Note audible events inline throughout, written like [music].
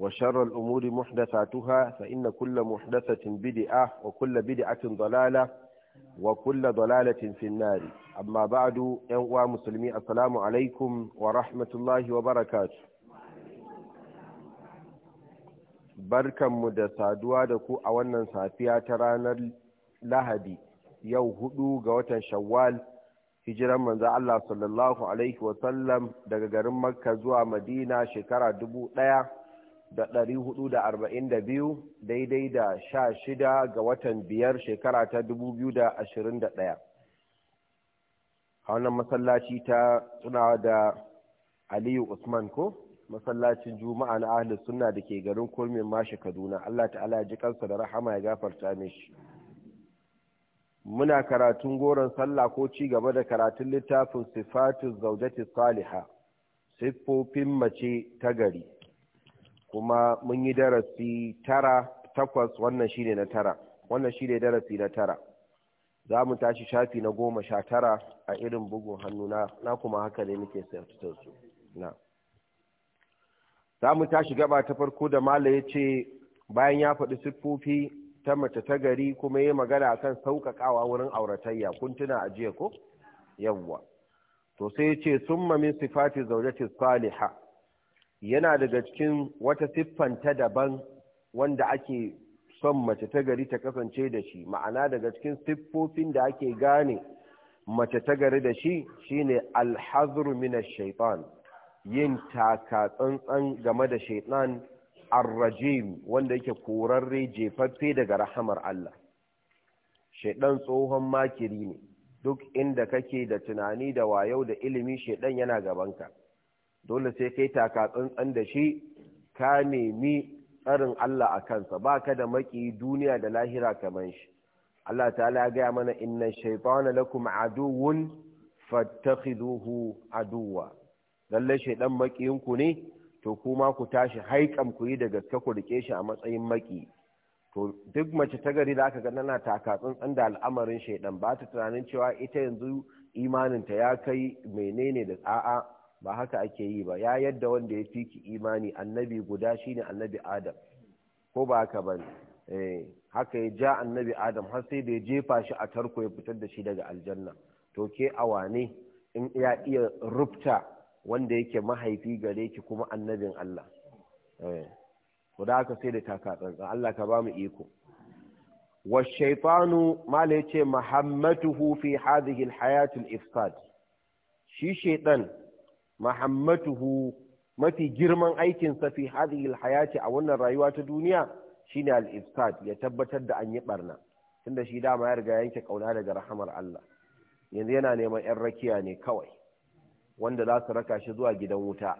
وشر الأمور محدثاتها فإن كل محدثة بدعة وكل بدعة ضلالة وكل ضلالة في النار أما بعد musulmi مسلمي السلام عليكم ورحمة الله وبركاته barkanmu da saduwa da ku a wannan safiya ta ranar lahadi yau hudu ga watan shawwal hijiran manzo Allah sallallahu alaihi wasallam daga garin makka zuwa madina shekara dubu ɗaya da ɗari hudu da arba'in da biyu daidai da sha shida ga watan biyar shekara ta dubu biyu da ashirin da ɗaya a wannan masallaci ta tunawa da aliyu usman ko masallacin juma'a na ahli sunna da ke garin kurmin mashi kaduna allah ta'ala ya ji kansa da rahama ya gafarta mishi muna karatun goron sallah ko ci gaba da karatun littafin sifatu zaujati saliha siffofin mace ta gari kuma mun yi darasi tara takwas wannan shine na tara wannan shine darasi na tara za mu tashi shafi na goma sha tara a irin bugun hannu na kuma haka ne muke sayar su na za mu tashi gaba ta farko da mala ya ce bayan ya faɗi siffofi ta mace ta gari kuma ya magana akan sauƙaƙawa wurin auratayya kun tuna a jiya ko yawwa to sai ya ce summa min sifati zaujati salihah yana daga cikin wata siffanta daban wanda ake son mace ta gari ta kasance da shi ma'ana daga cikin siffofin da ake gane mace ta gari da shi shine alhazru minash shaitan yin taka tsantsan game da shaitan arrajim wanda yake korarre jefaffe daga rahamar Allah shaitan tsohon makiri ne duk inda kake da tunani da wayo da ilimi shaitan yana gabanka dole sai kai taka tsantsan da shi ka nemi tsarin Allah a kansa ba ka da maki duniya da lahira kamar shi Allah ta'ala ya gaya mana inna shaytana lakum aduwwun fattakhiduhu aduwa lalle shaydan makiyin ku ne to kuma ku tashi haikan ku yi daga gaske ku rike shi a matsayin maki to duk mace ta gari da aka ga tana taka tsantsan da al'amarin shaiɗan? ba ta tunanin cewa ita yanzu imanin ta ya kai menene da a'a ba haka ake yi ba ya yadda wanda ya fi ki imani annabi guda shine annabi adam ko ba haka ba eh, haka ya ja annabi adam har sai da ya jefa shi a tarko ya fitar da shi daga aljanna to ke awane in ya iya rubta wanda yake mahaifi gare ki kuma annabin Allah eh, to da haka sai da taka tsantsan Allah ka ba mu iko wa shaytanu mala yace muhammatuhu fi hadhihi alhayat alifsad shi shaytan mahammatuhu mafi girman aikin safi hadhihi alhayati a wannan rayuwa ta duniya shine al-ifsad ya tabbatar da an yi barna tunda shi dama ya riga yanke kauna daga rahamar Allah yanzu yana neman yan rakiya ne kawai wanda za su raka shi zuwa gidan wuta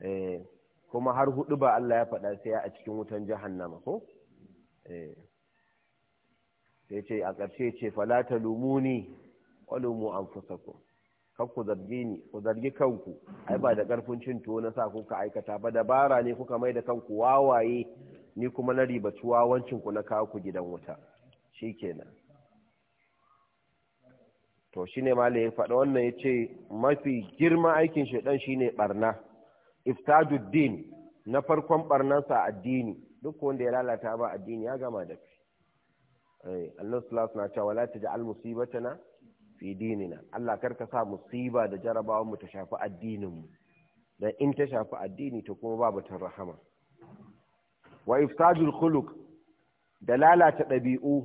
eh kuma har hudu ba Allah ya faɗa sai a cikin wutan jahannama ko eh sai ce a ƙarshe ce falatalumuni talumuni wa lumu anfusakum kar ku zargi ni ku zargi kanku ai ba da karfin cin tuwo na sa kuka aikata ba dabara ne kuka mai da kanku wawaye ni kuma na ribaci wawancin ku na kawo ku gidan wuta shikenan to shine ma ya faɗa wannan ce mafi girma aikin shaidan shine barna iftaduddin na farkon barnansa addini duk wanda ya lalata ba addini ya gama da kai eh, annabi sallallahu alaihi wasallam na ce wala taj'al musibatana fi dinina Allah karka ka sa musiba da jarabawan mu ta shafi addinin mu dan in ta shafi addini ta kuma babu tan rahama wa ifsadul khuluq da lalata dabi'u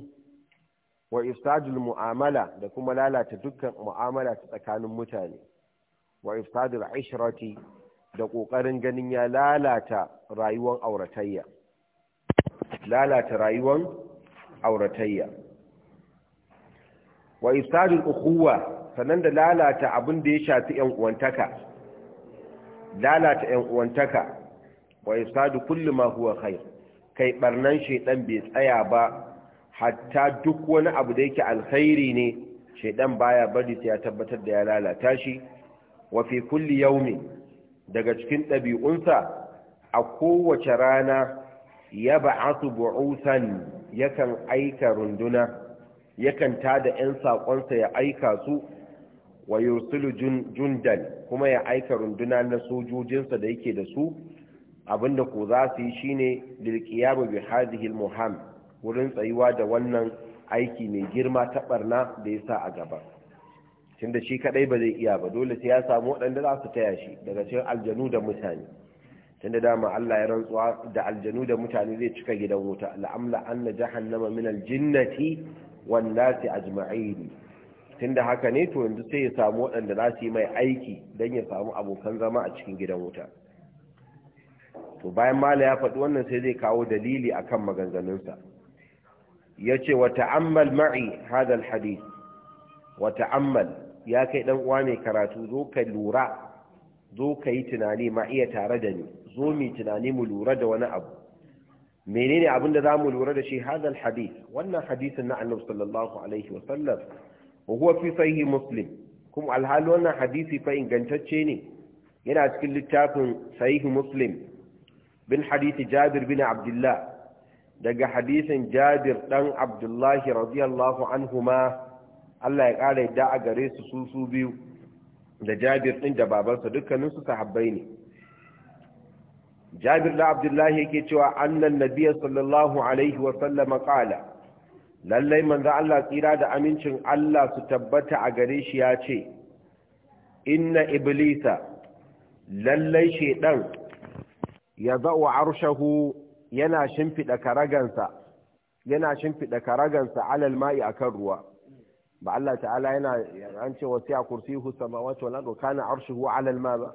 wa ifsadul mu'amala da kuma lalata dukkan mu'amala ta tsakanin mutane wa ifsadul ishrati da kokarin ganin ya lalata rayuwar auratayya lalata rayuwar auratayya wa ifsadul ukuwa sannan da lalata abin da ya shafi ƴan uwantaka lalata ƴan uwantaka wa ifsadu kullum ma kai, kai barnan shedan bai tsaya ba hatta duk wani abu da yake alkhairi ne shedan baya bari sai ya tabbatar da ya lalata shi wa fi kulli yawmi daga cikin ɗabi'unsa a kowace rana ya ba'asu bu'usan yakan aika runduna yakan tada 'yan saƙonsa ya aika su wa yursilu jundan kuma ya aika runduna na sojojinsa da yake da su abinda ko za su yi shine lilqiyamu bi hadhihi wurin tsayuwa da wannan aiki mai girma ta barna da yasa a gaba tunda shi kadai ba zai iya ba dole sai ya samu wadanda za su taya shi daga cikin aljanu da mutane tunda dama Allah ya rantsuwa da aljanu da mutane zai cika gidan wuta la'amla anna jahannama min aljinnati wannasi ajma'in tunda haka ne to yanzu sai ya samu waɗanda za su yi mai aiki don ya samu abokan zama a cikin gidan wuta to bayan mala ya faɗi wannan sai zai kawo dalili akan maganganunsa ya ce wa ta'ammal ma'i hadal hadith wa ta'ammal ya kai ɗan uwa mai karatu zo ka lura zo ka yi tunani ma iya tare da ni zo mai tunani mu lura da wani abu menene abin da zamu lura da shi hadal hadith wannan hadisin na annabi sallallahu alaihi wa sallam huwa fi sahih muslim kuma alhali wannan hadisi fa ingantacce ne yana cikin littafin sahih muslim bin hadisi jabir bin abdullah daga hadisin jabir dan abdullah radiyallahu anhuma Allah ya kara yadda a gare su su biyu da jabir din da babarsa dukkanin su sahabbai ne jabir da abdullahi yake cewa annan nabiya sallallahu alaihi wasallama kala lallai manzo Allah tsira da amincin Allah su tabbata a gare shi ya ce inna iblisa lallai shedan ya za'u arshahu yana shimfida karagansa yana shimfida karagansa alal ma'i akan ruwa ba Allah ta'ala yana an ce wasiya kursiyuhu samawati wal ardu kana arshuhu alal ma ba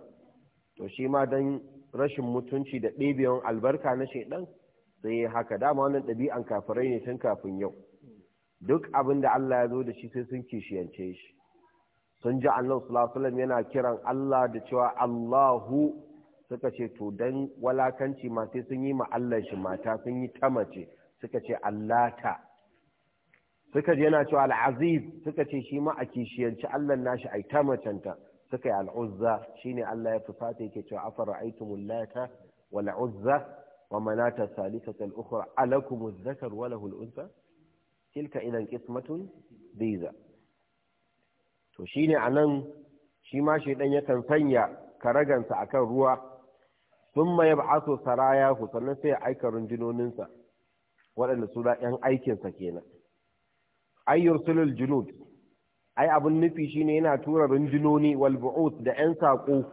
to shi ma dan rashin mutunci da ɗebewan albarka na shaidan sai ya haka dama wannan ɗabi'an kafirai ne tun kafin yau duk abin da Allah ya zo da shi sai sun kishiyance shi sun ji Allah sallallahu yana kiran Allah da cewa Allahu suka ce to dan walakanci ma sai sun yi ma Allah shi mata sun yi ta mace suka ce Allata suka ji yana cewa al-aziz suka ce shi ma a kishiyanci Allah nashi ai ta macenta suka yi al'uzza shine Allah ya fi fusata yake cewa afar aitumul lata wal uzza wa manata salisata al-ukhra alakum adh-dhakar wa lahu al-unsa tilka idan qismatun diza to shine anan shi ma shedan yakan sanya karagansa akan ruwa thumma yab'athu ku sannan sai ya aika rundunoninsa waɗanda su da ‘yan aikinsa kenan ayyursulul junud ai abin nufi shine yana tura rundunoni wal bu'ut da yan sako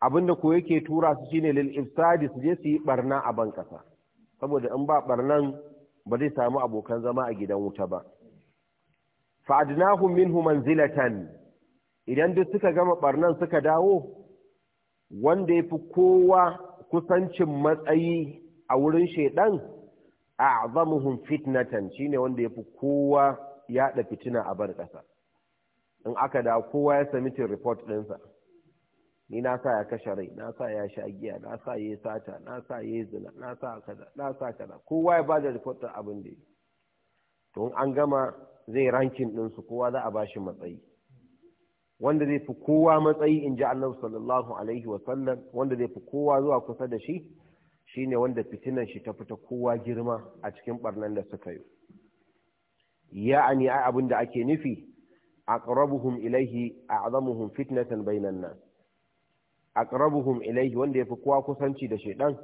abinda ko yake tura su shine lil ifsadi su je su yi barna a ban saboda in ba barnan ba zai samu abokan zama a gidan wuta ba fa adnahum minhu manzilatan idan duk suka gama barnan suka dawo wanda yafi fi kowa kusancin matsayi a wurin shaidan a fitnatan shine wanda yafi kowa yaɗa fitina a bar ƙasa in aka da kowa ya samitin report ɗinsa ni na sa ya kashe rai na sa ya sha giya na sa ya sata na sa ya zina na sa kaza na sa kaza kowa ya bada report ɗin abin da to in an gama zai rankin ɗinsu kowa za a bashi matsayi wanda zai fi kowa matsayi in ji annabi sallallahu alaihi wasallam wanda zai fi kowa zuwa kusa da shi shine wanda fitinan shi ta fita kowa girma a cikin barnan da suka yi ya'ani ai abin da ake nufi aqrabuhum ilaihi a'zamuhum fitnatan bainan nas aqrabuhum ilaihi wanda yafi kowa kusanci da shedan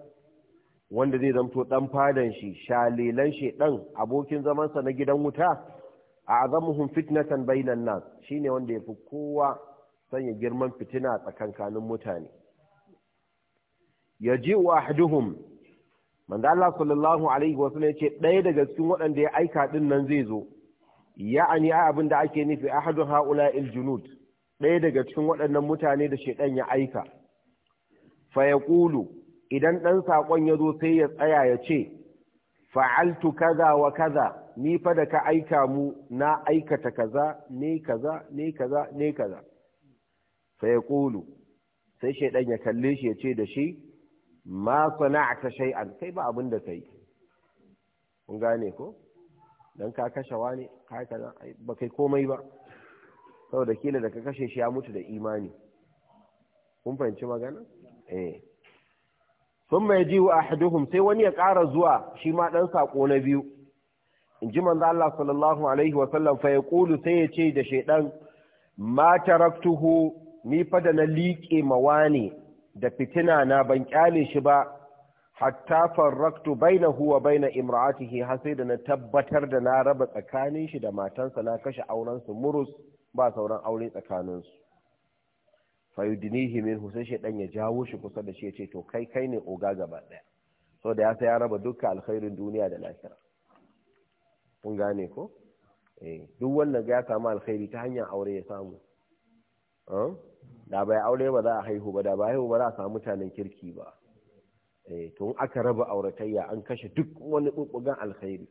wanda zai zamto dan fadan shi shalilan shedan abokin zamansa na gidan wuta a'zamuhum fitnatan bainan nas shine wanda yafi kowa sanya girman fitina tsakan-kanun mutane yaji'u ahduhum manzo Allah sallallahu alaihi wasallam yace ɗaya daga cikin waɗanda ya aika din nan zai zo ya'ani a abin da ake nufi a hadun haula junud ɗaya daga cikin waɗannan mutane da shaiɗan ya aika fa ya ƙulu idan ɗan saƙon ya zo sai ya tsaya ya ce fa'altu kaza wa kaza ni fa da ka aika mu na aikata kaza ne kaza ne kaza ne kaza fa ya ƙulu sai shaidan ya kalle shi ya ce da shi ma sana'ata shay'an kai ba abin da kai kun gane ko dan ka kashe wani ka ba kai komai ba saboda kila da ka kashe shi ya mutu da imani kun fahimci magana eh sun mai jiwu a sai wani ya ƙara zuwa shi ma ɗan saƙo na biyu in ji manzo Allah sallallahu alaihi sallam fa ya sai ya ce da shaidan ma taraktuhu ni fa da na liƙe ne da fitina na ban kyale shi ba hatta farraktu bainahu wa baina imra'atihi har sai da na tabbatar da na raba tsakanin shi da matansa na kashe auren su murus ba sauran aure tsakanin su fayudinihi minhu sai shi dan ya jawo shi kusa da shi yace to kai kai ne oga gaba daya so da ya sai ya raba dukkan alkhairin duniya da lahira kun gane ko eh duk wanda ga ya samu alkhairi ta hanyar aure ya samu eh? da bai aure ba za a haihu ba da ba haihu ba za a samu mutanen kirki ba Eh, to aka raba auratayya an kashe duk wani bubbugan alkhairi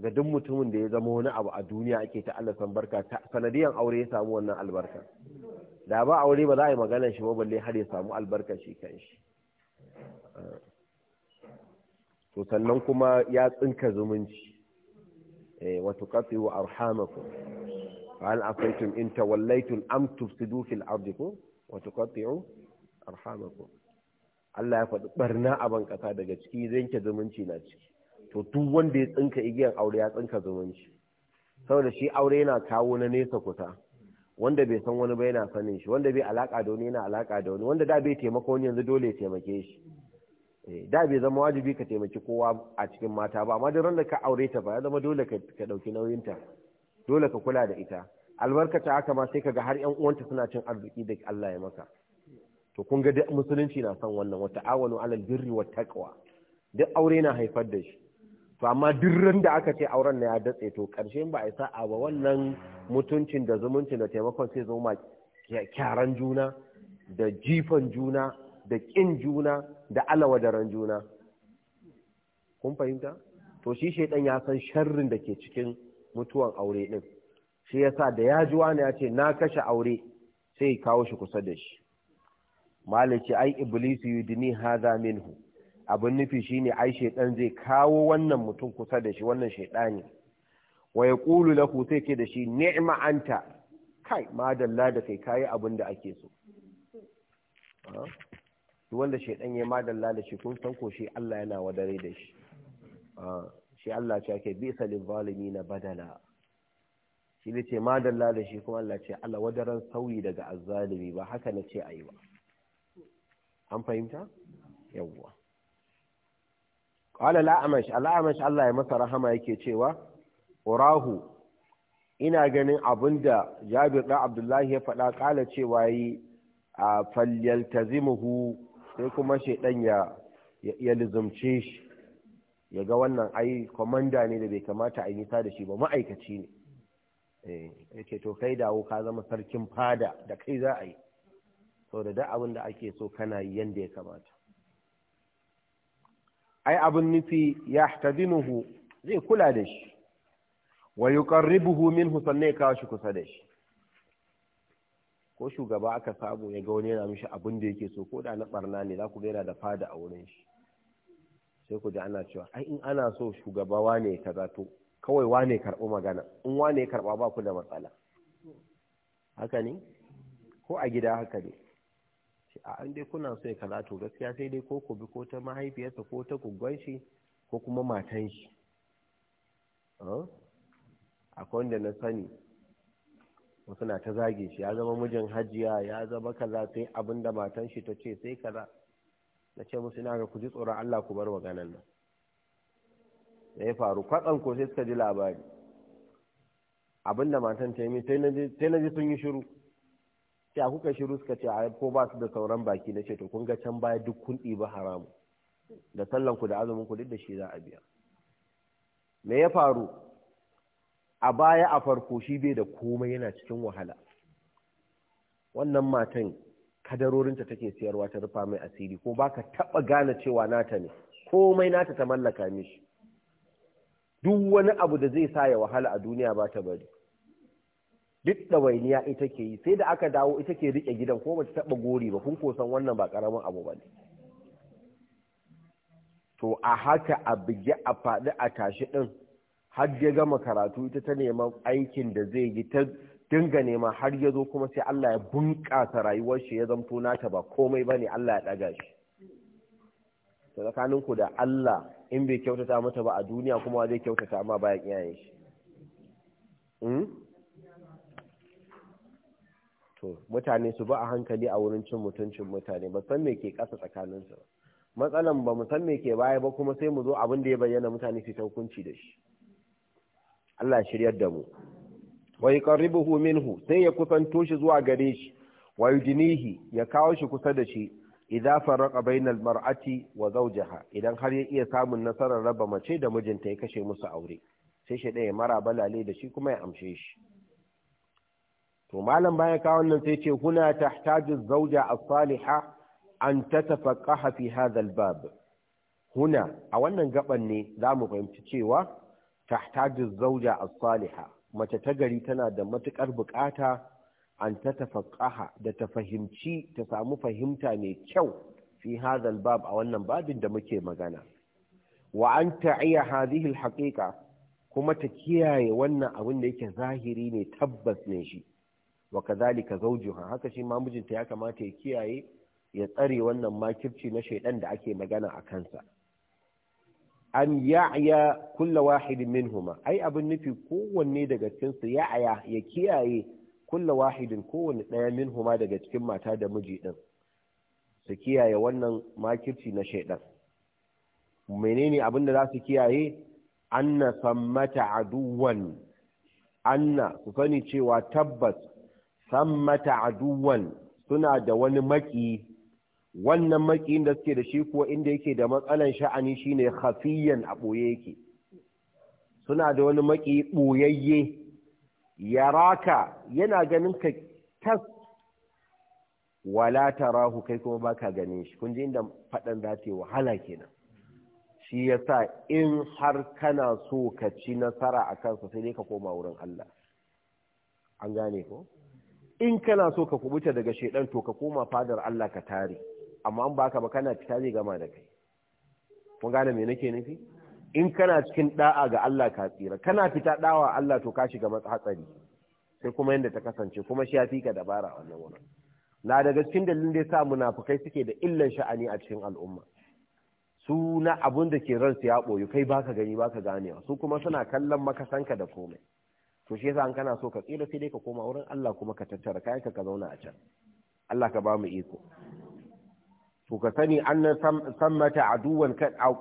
ga duk mutumin da ya zama wani abu a duniya ake ta Allah san barka sanadiyan aure ya samu wannan albarka da ba aure ba za a yi magana shi ba balle har ya samu albarka shi kanshi to sannan kuma ya tsinka zumunci eh, wa tuqati wa arhamakum fa hal afaitum in tawallaytum am tufsidu fil ardi wa tuqati'u arhamakum Allah ya faɗi ɓarna a ban ƙasa daga ciki yanke zumunci na ciki to duk wanda ya tsinka igiyan aure ya tsinka zumunci saboda shi aure yana kawo na nesa kusa wanda bai san wani ba yana sanin shi wanda bai alaka da wani yana alaka da wani wanda da bai taimaka wani yanzu dole ya taimake shi eh, da bai zama wajibi ka taimaki kowa a cikin mata ba amma duk da ka aure ta ba ya zama dole ka ɗauki nauyin ta dole ka kula da ita albarkata haka ma sai kaga har yan uwanta suna cin arziki da Allah ya maka to kun ga duk musulunci na son wannan wata ta'awanu alal birri wa taqwa duk aure na haifar da shi to amma duk ran da aka ce auren na ya datse to karshe ba a sa'a ba wannan mutuncin da zumuncin da taimakon sai zama kyaran juna da jifan juna da kin juna da alawa daren juna kun fahimta to shi shaidan ya san sharrin da ke cikin mutuwan aure din shi yasa da ya ji wani ya ce na kashe aure sai kawo shi kusa da shi malice ai iblisu yudini hadha minhu abin nufi shine ai shaidan zai kawo wannan mutum kusa da shi wannan shaidani wa Kulu lahu sai ke da shi ni'ma anta kai madalla da kai kai abin da ake so ah? duk wanda shaidan ya madalla da shi kun san ko shi Allah yana wadare da shi ah, shi Allah ce ake bi salil na badala shi ne ce madalla da shi kuma Allah ce Allah wadaran sauyi daga azzalimi ba haka na ce ayi ba an fahimta yawwa qala la'amash al'amash Allah ya masa rahama yake cewa urahu ina ganin abinda Jabir da Abdullahi ya faɗa kala cewa yi a falyaltazimuhu sai kuma shedan ya ya lizumce shi ya ga wannan ai komanda ne da bai kamata a yi ta da shi ba ma'aikaci ne eh yake to kai dawo ka zama sarkin fada da kai za a yi saboda da abin da ake so kana yi yadda ya kamata ai abin nufi ya tadinuhu zai kula da shi wa yuqarribuhu min sannan ya kawo shi kusa da shi ko shugaba aka samu ya ga wani yana mishi abin da yake so ko da na barna ne za ku ga da fada a wurin shi sai ku ji ana cewa ai in ana so shugaba wane ya kaza to kawai wane karɓo magana in wane karɓa ba ku da matsala haka ne ko a gida haka ne a an dai kuna so ya kala to gaskiya sai dai ko ku bi ko ta mahaifiyarsa ko ta kugon shi ko kuma matan shi akwai wanda na sani wasu na ta zage shi ya zama mijin hajiya ya zama kaza sai abin da matan shi ta ce sai kaza na ce musu ina ga ku ji tsoron Allah ku bar maganan nan da ya faru kwatsan ko sai suka ji labari abin da matan ta yi sai na ji sun yi shiru sai a kuka shiru suka ce a ko ba su da sauran baki na ce to kun ga can baya duk kun ɗiba haramu da sallan ku da azumin ku duk da shi za a biya me ya faru a baya a farko shi bai da komai yana cikin wahala wannan matan kadarorinta take siyarwa ta rufa mai asiri ko baka taba gane cewa nata ne komai nata ta mallaka mishi duk wani abu da zai sa ya wahala a duniya ba ta bari duk da wainiya ita ke yi sai da aka dawo ita ke riƙe gidan ko bata taɓa gori ba kun kosan wannan ba ƙaramin abu ba ne to a haka a bige a faɗi a tashi ɗin har ya gama karatu ita ta neman aikin da zai yi ta dinga nema har ya zo kuma sai Allah ya bunƙasa rayuwar shi ya zamto nata ba komai ba ne Allah ya ɗaga shi tsakaninku da Allah in bai kyautata mata ba a duniya kuma zai kyautata amma bayan iyayen shi hmm? to mutane su ba a hankali a wurin cin mutuncin mutane ba san me ke ƙasa tsakaninsu ba matsalan ba mu san me ke baya ba kuma sai mu zo abin da ya bayyana mutane su ta hukunci da shi Allah shiryar da mu wa yuqarribuhu minhu sai ya kusanto shi zuwa gare shi wa yudinihi ya kawo shi kusa da shi idza faraka bainal mar'ati wa zawjaha idan har ya iya samun nasarar raba mace da mijinta ya kashe musu aure sai shi ya mara balale da shi kuma ya amshe shi to malam baya kawo nan sai ce huna tahtaju zauja a saliha an ta fi hadha al-bab huna a wannan gaban ne za mu fahimci cewa tahtaju zauja a saliha mace ta gari tana da matukar bukata an da ta fahimci ta samu fahimta mai kyau fi hadha bab a wannan babin da muke magana wa an ta iya hazihil haƙiƙa kuma ta kiyaye wannan abin da yake zahiri ne tabbas ne shi wa kazalika zawjuha haka shi ma mijinta ya kamata ya kiyaye ya tsare wannan makirci na shaidan da ake magana a kansa an ya'ya kulla wahidin minhuma ai abin nufi kowanne daga cikin su ya'ya ya kiyaye kulla wahidin kowanne daya minhuma daga cikin mata da miji din su kiyaye wannan makirci na shaidan menene abin da za su kiyaye anna sammata aduwan anna su sani cewa tabbas sammata aduwan suna da wani maki wannan maki da suke da shi kuwa inda yake da matsalan sha'ani shine khafiyan a ɓoye yake suna da wani maki boyayye yaraka yana ganin ka tas wala tarahu kai kuma baka ganin shi kun ji inda faɗan za wahala kenan shi yasa in har kana so ka ci nasara a kansa sai dai ka koma wurin Allah an gane ko in kana so ka kubuta daga shaidan to ka koma fadar Allah ka tare amma an baka ba kana fita zai gama da kai kun gane me nake nufi in kana cikin da'a ga Allah ka tsira kana fita da'awa Allah to ka shiga hatsari sai kuma yanda ta kasance kuma shi ya fi ka dabara wannan wurin na daga cikin dalilin da yasa munafukai suke da illan sha'ani a cikin al'umma su na abun da ke ransu ya boyu kai baka gani baka ganewa su kuma suna kallon makasanka da komai to shi yasa an kana so ka tsira sai dai ka koma wurin Allah kuma ka tattara kayan ka ka zauna a can Allah ka ba mu iko to ka sani annan sammata aduwan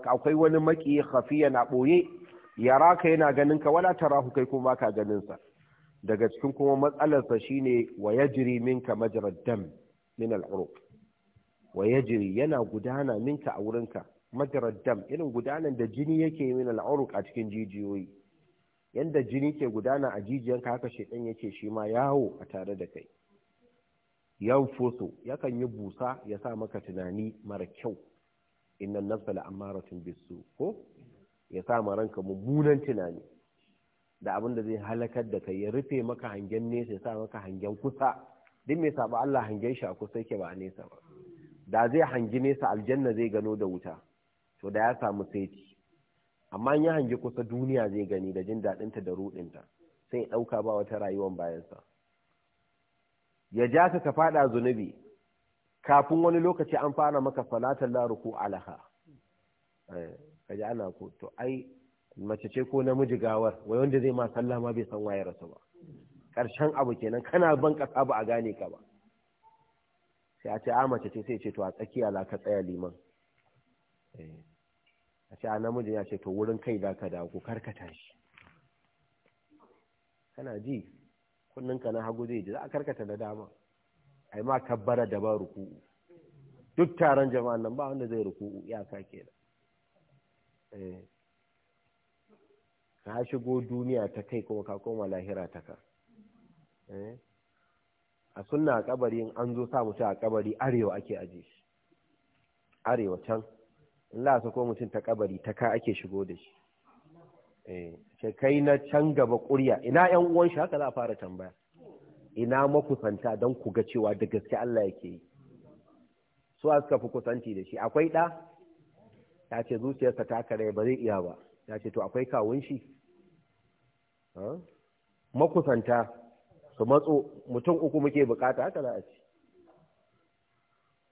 akwai wani maki khafiya na boye yara ka yana ganin ka wala tarahu kai kuma ka ganin sa daga cikin kuma matsalar sa shine wa minka majrad dam min al-uruq wa yana gudana minka a wurinka majrad dam irin gudanan da jini yake min al-uruq a cikin jijiyoyi yanda jini ke gudana a jijiyanka haka shaitan yake shi ma yawo a tare da kai Foso yakan yi busa ya sa maka tunani mara kyau innan nafsa la'amaratun bisu ko ya sa ma ranka mummunan tunani da abin da zai halakar da kai ya rufe maka hangen nesa ya sa maka hangen kusa duk mai saba Allah hangen shi a kusa yake ba a nesa ba da zai hangi nesa aljanna zai gano da wuta to da ya samu saiti amma ya hangi kusa duniya zai gani da jin daɗinta da ruɗinta sai ya ɗauka ba wata rayuwar bayansa ya ja ka ka faɗa zunubi kafin wani lokaci an fara maka salatar laruku alaha eh, ka ji ana ko to ai mace ce ko namiji gawar wai wanda zai ma sallah ma bai san waye rasu ba ƙarshen abu kenan kana ban ƙasa ba a gane ka ba sai a ce a ah, mace ce sai ce to a tsakiya la ka tsaya liman eh. a ce a namijin ya ce to wurin kai za ka dawo ko karkata shi kana ji kunninka na hagu zai ji za a karkata da dama a yi ma kabbara da ba ruku'u duk taron jama'an nan ba wanda zai ruku'u iyaka da eh. ka shigo duniya ta kai kuma ka koma lahira ta ka eh. a sunna a kabari an zo sa mutu a kabari arewa ake ajiye shi arewa can Allah su ko mutum ta kabari ta ka ake shigo da shi eh kai na can gaba ƙurya ina yan uwan shi haka za a fara tambaya ina makusanta don ku ga cewa da gaske Allah yake yi su suka fi kusanci da shi akwai ɗa ya ce zuciyarsa ta kare ba zai iya ba ya ce to akwai kawun shi makusanta su matso mutum uku muke bukata haka za a ce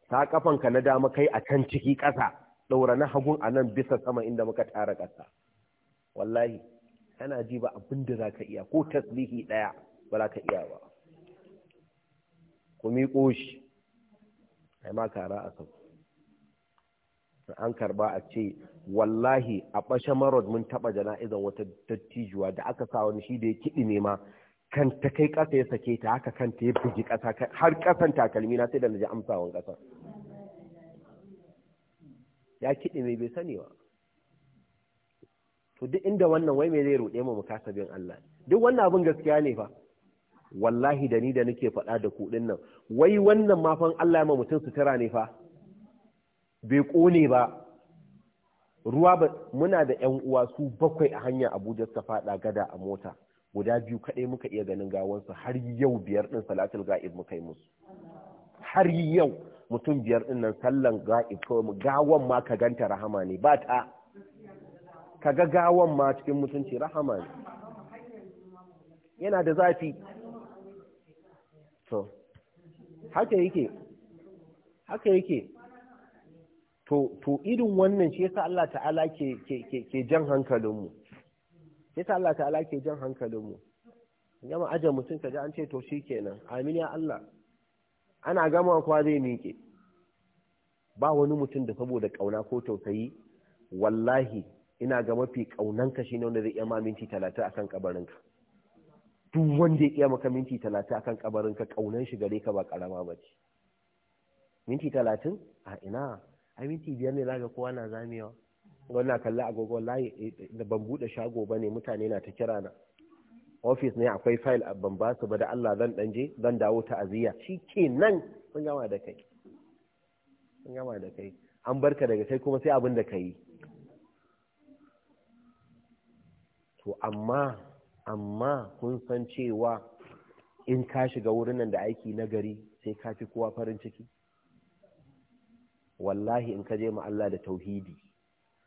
ta kafanka na dama kai a can ciki ƙasa ɗaura na hagun a nan bisa sama inda muka tara ƙasa wallahi kana ji ba abin da za ka iya ko tasbihi ɗaya ba za ka iya ba ku miƙo shi ma kara a sau an karba a ce wallahi a ɓashe marod mun taɓa jana'izan wata dattijuwa da aka sa wani shi da ya kiɗi ne ma kan ta kai ƙasa ya sake ta haka kan ta ya bugi ƙasa har ƙasan takalmi na sai da na ji amsawan ƙasa ya kiɗe mai bai sani ba to duk inda wannan wai mai zai ruɗe mu mu kasa bin Allah duk wannan abin gaskiya ne fa wallahi da ni da nake faɗa da kuɗin nan wai wannan ma fa Allah ya ma mutum sutura ne fa bai ƙone ba ruwa ba muna da ƴan uwa su bakwai a hanya Abuja ta faɗa gada a mota guda biyu kaɗai muka iya ganin gawansu har yau biyar ɗin salatul ga'ib muka yi musu har yau mutum biyar ɗin nan sallan ga'ib kawai gawan ma ka ganta rahama ne ba ta ka ga gawan ma cikin mutunci rahama ne yana da zafi to haka yake haka yake to to irin wannan shi yasa Allah ta'ala ke ke ke, jan jan mu shi yasa Allah ta'ala ke jan mu yamma aje mutum kaje an ce to shikenan amin ya Allah ana gama kuwa zai miƙe ba wani mutum da saboda ƙauna ko tausayi wallahi ina ga mafi ƙaunanka shi ne wanda zai iya ma minti talatin akan kabarinka duk wanda ya iya maka minti talatin akan kabarinka ƙaunan shi gare ka ba ƙarama ba ce minti talatin a ina a minti biyar ne zaga kowa na zamewa wannan kalla agogo layi eh, ban buɗe shago ba ne mutane na ta kira na ofis ne akwai fayil a ba su ba da Allah zan je zan dawo ta'aziyya shi ke nan sun gama da kai sun gama da kai an barka daga kai kuma sai abin da ka yi to amma amma kun san cewa in ka shiga wurin nan da aiki na gari sai ka fi kowa farin ciki wallahi in ka je ma Allah da tauhidi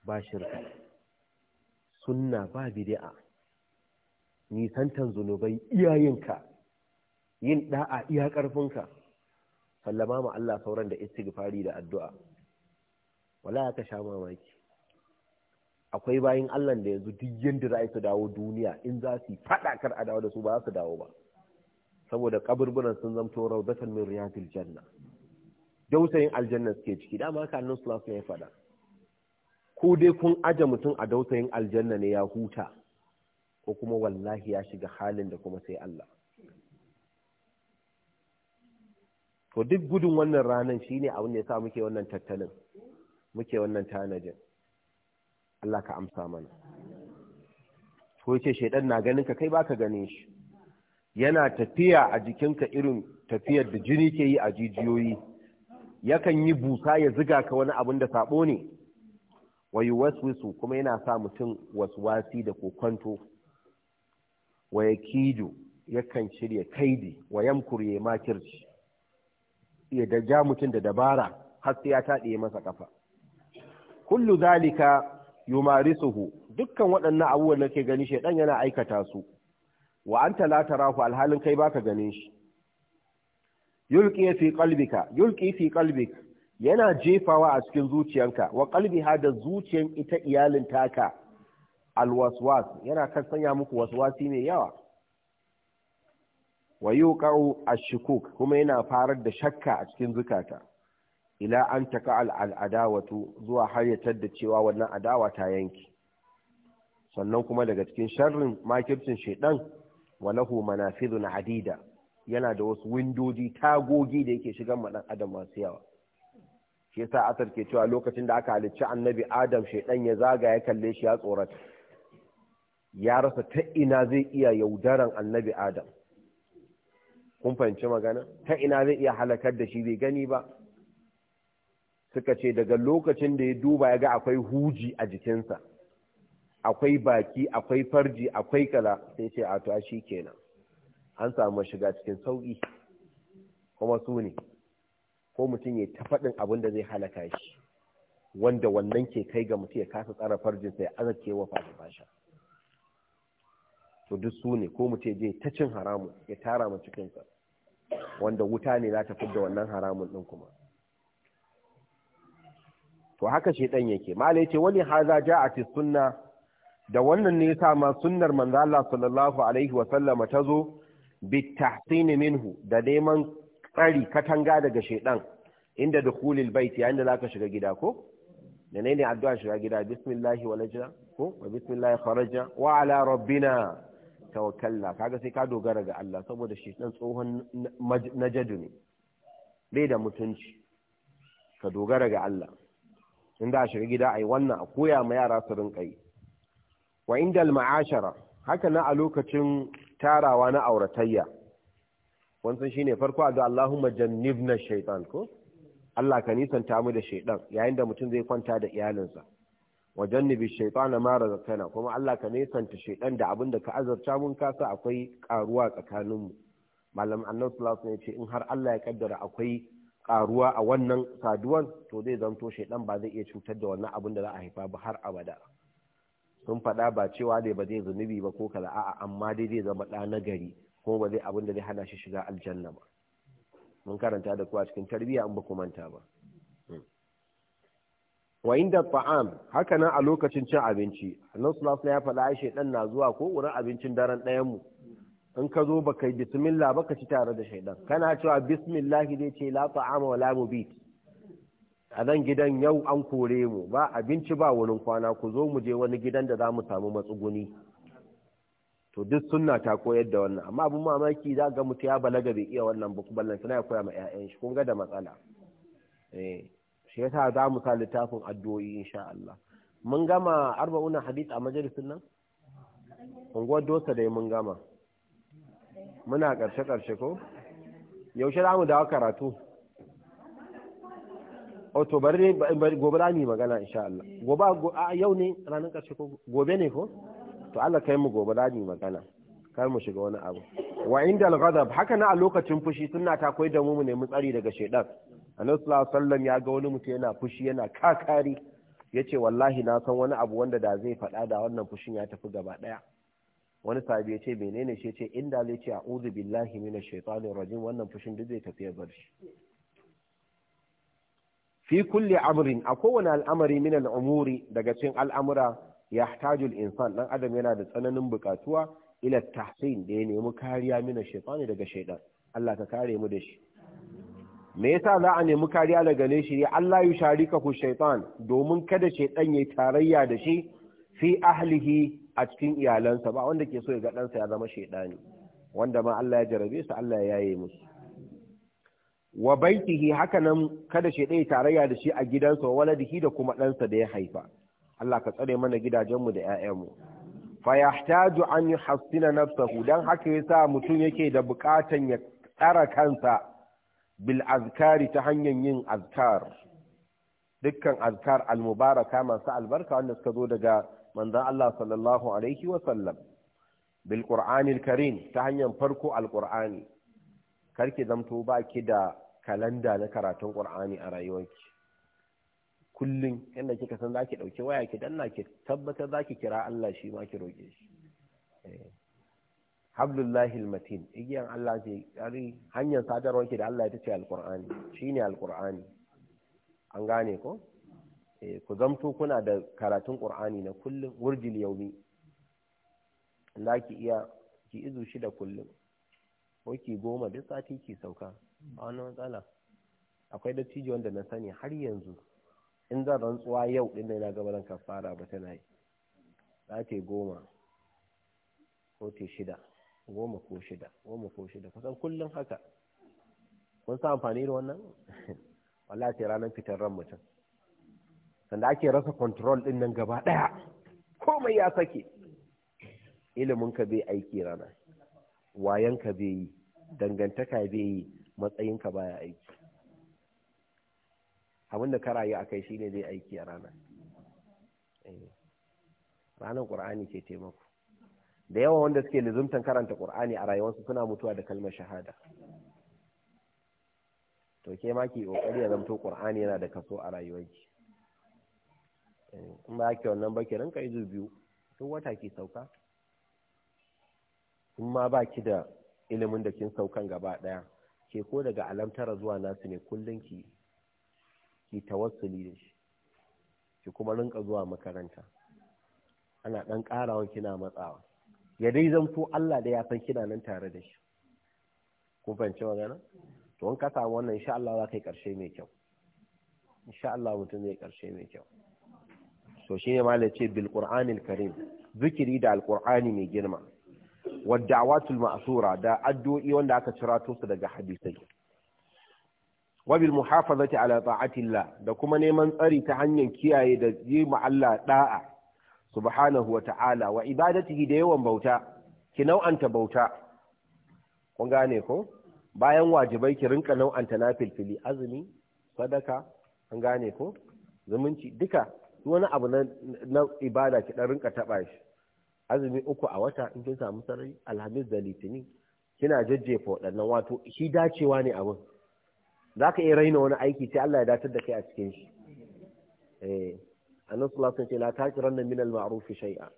ba shirka sunna ba bid'a nisantan zunubai iyayenka yin da'a iya ƙarfinka sallama ma Allah sauran da istighfari da addu'a wala ka sha mamaki akwai bayin Allah da yanzu duk yanda za su dawo duniya in za su fada kar a dawo da su ba su dawo ba saboda kaburburan sun zamto rawdatan min riyadil janna dausayin aljanna suke ciki dama haka annabi sallallahu alaihi wasallam ya fada ko dai kun aje mutum a dausayin aljanna ne ya huta ko kuma wallahi ya shiga halin da kuma sai Allah to duk gudun wannan ranar shine abin da yasa muke wannan tattalin muke wannan tanajin Allah ka amsa mana ko yace shedan na ganin ka kai baka ganin shi yana tafiya a jikinka irin tafiyar da jini ke yi a jijiyoyi yakan yi busa ya ziga ka wani abin da sabo ne wayu waswisu kuma yana sa mutum waswasi da kokonto wa yakidu yakan shirya kaidi wa yamkur ya makirci ya da ja mutum da dabara har sai ya taɗe masa ƙafa. kullu zalika yumarisuhu dukkan waɗannan abubuwan da ke gani shaidan yana aikata su wa anta la tarahu alhalin kai baka ganin shi yulqi fi qalbika yulqi fi yana jefawa a cikin zuciyanka wa qalbi hada zuciyan ita iyalin taka alwaswas yana kan sanya muku waswasi mai yawa wa yuqa'u ash-shukuk kuma yana farar da shakka a cikin zukata ila an taka al-adawatu zuwa har ya tadda cewa wannan adawa ta yanki sannan kuma daga cikin sharrin makircin shedan wa lahu manafidun adida yana da wasu windoji tagogi da yake shigan madan adam masu yawa shi yasa asar ke cewa lokacin da aka halicci annabi adam shedan ya zaga ya kalle shi ya tsorata ya rasa ta ina zai iya yaudaran annabi adam kun fahimci magana ta ina zai iya halakar da shi bai gani ba suka ce daga lokacin da ya duba ya ga akwai huji a jikinsa akwai baki akwai farji akwai kala sai ce a shi kenan an samu shiga cikin sauƙi kuma su ne ko mutum ya ta faɗin abin da zai halaka shi wanda wannan ke kai ga mutum ya kasa tsara farjinsa ya azakewa fashe fashe to duk su ne ko mu ce je ta cin haramun ya tara ma cikinsa wanda wuta ne za ta fidda wannan haramun ɗin kuma to haka shedan yake mala ce wani haza ja'ati sunna da wannan nesa yasa ma sunnar manzo Allah sallallahu alaihi wa sallama tazo bitahsin minhu da neman tsari katanga daga shedan inda dukhulil bait yayin da zaka shiga gida ko da ne ne addu'a shiga gida bismillah ko wa bismillah wa ala rabbina tawakkalna kaga sai ka dogara ga Allah saboda shi dan tsohon najadu ne bai da mutunci ka dogara ga Allah in da shiga gida ai wannan a koya ma yara su rinka yi wa indal ma'ashara haka na a lokacin tarawa na auratayya wannan shine farko a ga Allahumma jannibna shaytan ko Allah ka nisanta mu da shaytan yayin da mutum zai kwanta da iyalinsa Wajen na mara ma razaqtana kuma Allah ka nesanta shaiɗan da abin da ka azarta mun kasa akwai karuwa tsakanin mu malam annabi sallallahu alaihi wasallam in har Allah ya kaddara akwai karuwa a wannan saduwan to zai zanto shaidan ba zai iya cutar da wannan abin da za a haifa ba har abada sun faɗa ba cewa ne ba zai zunubi ba ko kaza a'a amma dai zai zama ɗa na gari kuma ba zai abin da zai hana shi shiga aljanna ba mun karanta da kuwa cikin tarbiyya in ba ku manta ba wa inda ta'am haka nan a lokacin cin abinci annan sulasa ya faɗa aishe na zuwa ko wurin abincin daren ɗayan mu in ka zo baka bismillah ka ci tare da shaidan kana cewa bismillah dai ce la ta'ama wala a nan gidan yau an kore mu ba abinci ba wurin kwana ku zo mu je wani gidan da za mu samu matsuguni to duk sunna ta koyar da wannan amma abin mamaki za ga mutu ya balaga bai iya wannan ba ballan suna ya koya ma 'ya'yan shi kun ga da matsala eh shi yasa za mu sa littafin addu'o'i insha Allah mun gama arba'una hadith a majalisin nan unguwar dosa dai mun gama muna karshe karshe ko yaushe za mu dawo karatu auto bari gobe za mu yi magana insha Allah gobe a yau ne ranar karshe ko gobe ne ko to Allah kai mu gobe za mu yi magana kar mu shiga wani abu wa inda al-ghadab haka na a lokacin fushi sunna ta koyar da mu ne mu tsari daga shedan annabi sallallahu ya ga wani mutum yana fushi yana kakari yace wallahi na san wani abu wanda da zai faɗa da wannan fushin ya tafi gaba ɗaya wani sahabi ya ce menene shi ce inda zai ce a'udhu billahi minash shaitani rajim wannan fushin duk zai tafi ya bar shi fi kulli amrin a kowane al'amari min al'umuri daga cikin al'amura ya yahtajul insan dan adam yana da tsananin bukatuwa ila tahsin da ya nemi kariya mina shaitani daga shaitan Allah ka kare mu da shi me yasa za a nemi kariya daga ne shi Allah ya sharika ku shaitan domin kada shaitan yayi tarayya da shi fi ahlihi a cikin iyalansa ba wanda ke so ya ga ɗansa ya zama shaidani wanda ma Allah ya jarabe su Allah ya yaye musu wa baitihi haka nan kada shi ya tarayya da shi a gidansa waladihi da kuma ɗansa da ya haifa Allah ka tsare mana gidajenmu da ƴaƴanmu fa yahtaju an yuhassina nafsahu dan haka yasa mutum yake da buƙatan ya tsara kansa bil azkari ta hanyar yin azkar dukkan azkar almubaraka masu albarka wanda suka zo daga manzon Allah sallallahu alaihi wa sallam bil qur'ani karim ta hanyar farko alqur'ani karki zamto ki da kalanda na karatun qur'ani a rayuwarki kullum yadda kika san zaki ɗauki waya ki danna ki tabbatar zaki kira Allah shi ma ki roke shi eh. hablullahi matin igiyan Allah ce ari hanyar sadarwar ki da Allah ita ce alqur'ani shine alqur'ani an gane ko eh ku zamto kuna da karatun qur'ani na kullum wurjil yaumi laki iya ki izu shida kullum ko ki goma duk sati ki sauka a wani matsala akwai dattijo wanda na sani har yanzu in zan rantsuwa yau din na ga baran kafara ba tana yi sati goma ko ta shida goma ko shida goma ko shida kusan kullum haka kun sa amfani da wannan [laughs] wallahi ce ranar fitar ran mutum sanda ake rasa control din nan gaba daya komai ya sake ilimin ka bai aiki rana wayan ka bai yi dangantaka bai yi matsayin ka baya aiki abin da karaye shi shine zai aiki a rana eh. ranar qur'ani ke taimako da yawa wanda suke lizumtan karanta qur'ani a rayuwarsu suna mutuwa da kalmar shahada to ke ma ki kokari ya zamto qur'ani yana da kaso a rayuwarki eh, in ba ki wannan ba ki rinka izu biyu duk wata ki sauka in ma ba ki da ilimin da kin saukan gaba daya ke ko daga alamtara zuwa nasu ne kullun ki ki tawassuli da shi ki kuma rinka zuwa makaranta ana dan karawa kina matsawa ya dai zanto Allah da ya san kina nan tare da shi kun fahimci magana to in ka samu wannan insha Allah za ka yi karshe mai kyau insha Allah mutum zai karshe mai kyau so shi ne malai ce bil qur'anil karim zikiri da Alkur'ani mai girma wa da'watul ma'sura da addu'o'i wanda aka cirato su daga hadisai wa bil muhafazati ala ta'atillah da kuma neman tsari ta hanyar kiyaye da yi ma Allah da'a subhanahu wa ta'ala wa ibadatihi da yawan bauta ki nau'anta bauta kun gane ko bayan wajibai ki rinka nau'anta na filfili azumi sadaka kun gane ko zumunci duka wani abu na ibada ki dan rinka taba shi azumi uku a wata in kin samu sarari alhamis da litinin kina jajjefa waɗannan wato shi dacewa ne abin za ka iya raina wani aiki sai Allah ya datar da kai a cikin shi eh. annabi sallallahu alaihi wasallam ce la taqiranna min al-ma'ruf shay'a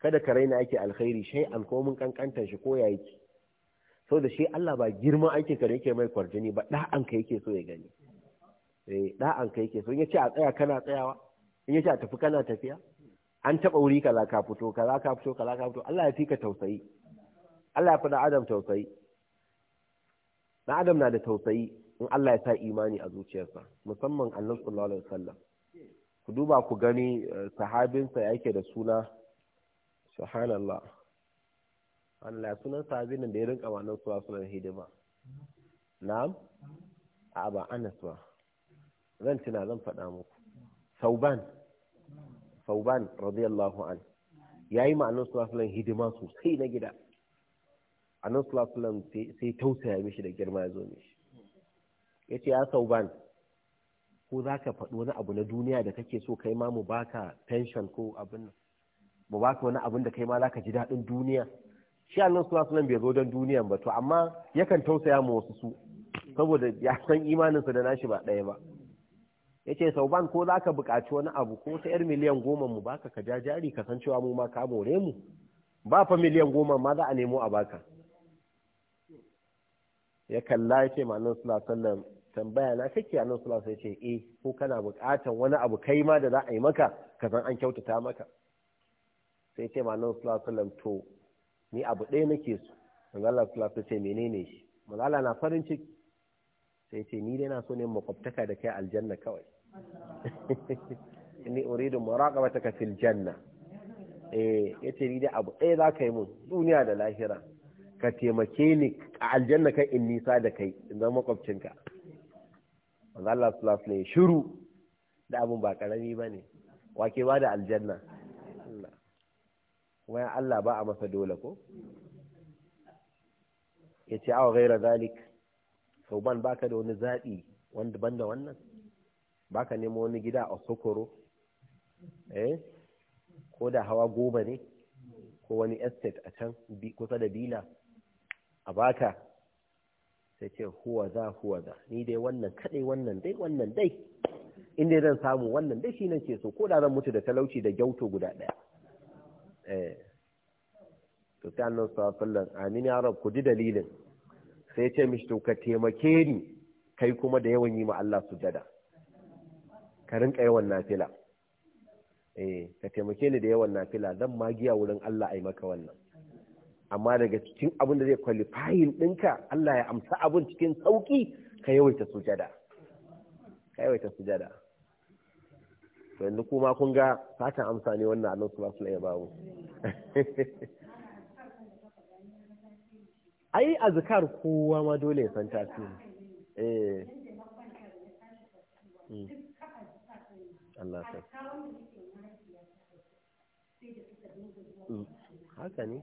kada ka raina ake alkhairi shay'an ko mun kankanta shi ko ya yake da shi Allah ba girma aikin ka yake mai kwarjini ba da'an ka yake so ya gani eh da'an ka yake so in yace a tsaya kana tsayawa in yace a tafi kana tafiya an taba wuri kaza ka fito kaza ka fito kaza ka fito Allah ya fi ka tausayi Allah ya fada Adam tausayi na Adam na da tausayi in Allah ya sa imani a zuciyarsa musamman Annabi sallallahu alaihi wasallam ku duba ku gani eh, sahabinsa yake da suna subhanallah Allah sunan sahabin da ya rinka wannan suwa sunan hidima na'am a ba anas ba zan tuna zan faɗa muku sauban sauban radiyallahu an yayi ma annabi sallallahu alaihi hidima sosai na gida annabi sallallahu alaihi sai tausaya mishi da girma ya zo mishi yace ya sauban ko za ka faɗi wani abu na duniya da kake so kai ma mu baka pension ko abin nan mu baka wani abin da kai ma za ka ji daɗin duniya shi annan suna sunan bai zo don duniyan ba to amma yakan tausaya mu wasu su saboda ya san imaninsa da nashi ba ɗaya ba ya ce sauban ko za ka buƙaci wani abu ko ta 'yar miliyan goma mu baka ka ja jari ka san cewa mu ma ka more mu ba fa miliyan goma ma za a nemo a baka ya kalla ya ce ma'anin sallallahu tambaya na kake annabi sallallahu alaihi wasallam ya ce eh ko kana buƙatar wani abu kai ma da za a yi maka ka san an kyautata maka sai ce ma annabi sallallahu alaihi wasallam to ni abu ɗaya nake so manzo Allah sallallahu alaihi wasallam ce menene shi manzo Allah na farin ciki sai ce ni dai na so ne makwabtaka da kai aljanna kawai [laughs] inni uridu muraqabataka fil janna eh yace ni dai abu ɗaya za ka yi mun duniya da lahira ka taimake ni a aljanna kai in nisa da kai in zama makwabcinka manzo Allah sallallahu alaihi shiru da abun ba karami bane wake ba da aljanna wayan Allah ba a masa dole ko yace aw ghaira zalik sauban baka da wani zabi wanda banda wannan baka nemo wani gida a Sokoro eh ko da hawa goma ne ko wani estate a can kusa da bila a baka sai ce huwa za huwa za ni dai wannan kaɗai wannan dai wannan dai in dai zan samu wannan dai shi nake so ko da zan mutu da talauci da gyauto guda ɗaya. eh to ta nan sallallahu alaihi amin ya rab ku ji dalilin sai ce mishi to ka taimake ni kai kuma da yawan yi ma Allah sujada ka rinka yawan nafila eh ka taimake ni da yawan nafila zan magiya wurin Allah ai maka wannan amma daga cikin abin da zai kwalifayin ɗinka Allah ya amsa abin cikin sauƙi ka yawaita sujada ka yawaita sujada to yanzu kuma kun ga fatan amsa ne wannan Allah subhanahu wa ta'ala ya bawo ai azkar kowa ma dole ya san tafi eh hmm. Allah ya hmm. haka ne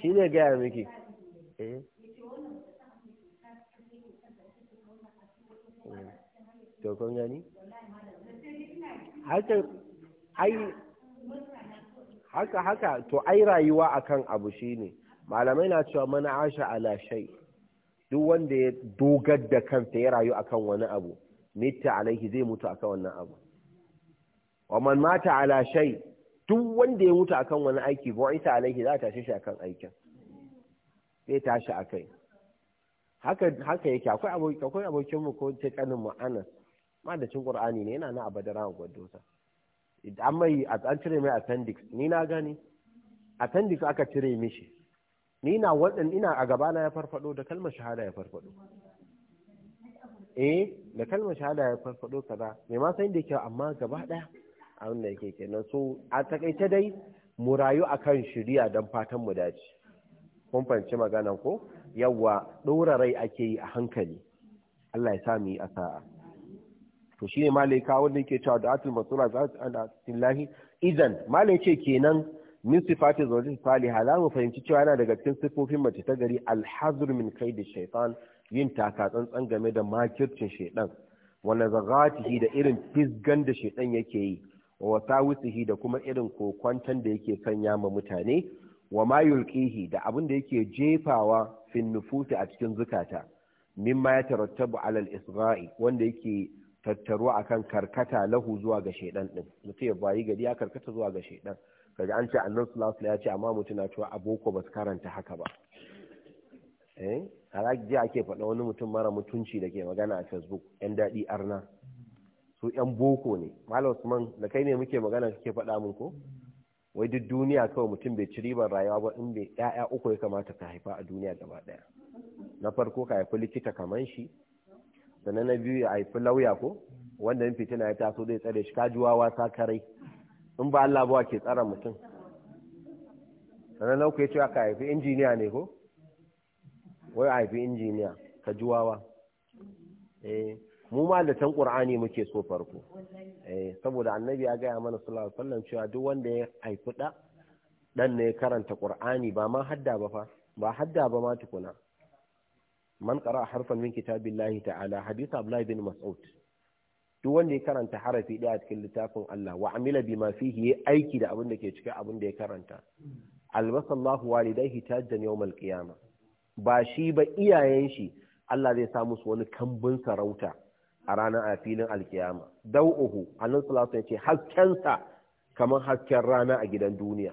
shi ne gaya miki eh. to kun gani haka haka to ai rayuwa akan abu shine malamai na cewa mana asha ala shai duk wanda ya dogar da kansa ya rayu akan wani abu mita alaihi zai mutu akan wannan abu wa man mata ala shai duk wanda ya mutu akan wani aiki ba isa alaihi za a tashi shi akan aikin sai tashi akai haka haka yake akwai aboki akwai abokin mu ko ce kanin mu Anas madacin Qur'ani ne yana na abadara gwadosa idan mai an cire mai appendix ni na gani appendix aka cire mishi ni na wadan ina a gaba na ya farfado da kalmar shahada ya farfado eh da kalmar shahada ya farfado kaza me ma san da yake amma gaba daya abin da yake kenan so a takaice dai mu rayu akan shirya don fatan mu dace kun fahimci maganan ko yawwa ɗora rai ake yi a hankali Allah ya sa mu yi a sa'a to shine malaika wanda yake cewa da atul masura zatillahi idan malai ce kenan min sifati zawjin salihah za mu fahimci cewa yana daga cikin sifofin mace ta gari alhazr min kaidi shaytan yin taka tsantsan game da makircin shaytan wannan zagatihi da irin fisgan da shaytan yake yi wa da kuma irin kokwanton da yake sanya ma mutane wa ma yulqihi da abin da yake jefawa fin nufusi a cikin zukata mimma ya tarattabu alal isra'i wanda yake tattaru akan karkata lahu zuwa ga shaidan din mutum ya bayi gari ya karkata zuwa ga shaidan kaga an ce annabi sallallahu ya ce amma mutum na cewa aboko ba su karanta haka ba eh alaji ake faɗa wani mutum mara mutunci da ke magana a facebook yan daɗi arna su yan boko ne malam usman da kai ne muke magana kake faɗa min ko wai duk duniya kawai mutum bai ci ribar rayuwa ba in bai ya'ya uku ya kamata ka haifa a duniya gaba ɗaya na farko ka haifi likita kaman shi sannan na biyu ya haifi lauya ko wanda in fitina ya taso zai tsare shi ka kajuwa wasa karai in ba Allah ba ke tsara mutum sannan na uku ya ce ka haifi injiniya ne ko wai a haifi injiniya ka juwawa eh mu ma da tan qur'ani muke so farko eh saboda annabi ya gaya mana sallallahu alaihi wasallam cewa duk wanda ya haifi da dan ne karanta qur'ani ba ma hadda ba fa ba hadda ba ma tukuna man qara harfan min kitabillahi ta'ala hadith abdullah bin mas'ud duk wanda ya karanta harafi daya cikin littafin Allah wa amila bima fihi aiki da abin da ke cikin abin da ya karanta albasallahu walidaihi tajjan yawmal qiyamah ba shi ba iyayen shi Allah zai sa musu wani kambun sarauta a ranar a filin alkiyama dau'uhu annabi salatu ya ce haskensa kamar hasken rana a gidan duniya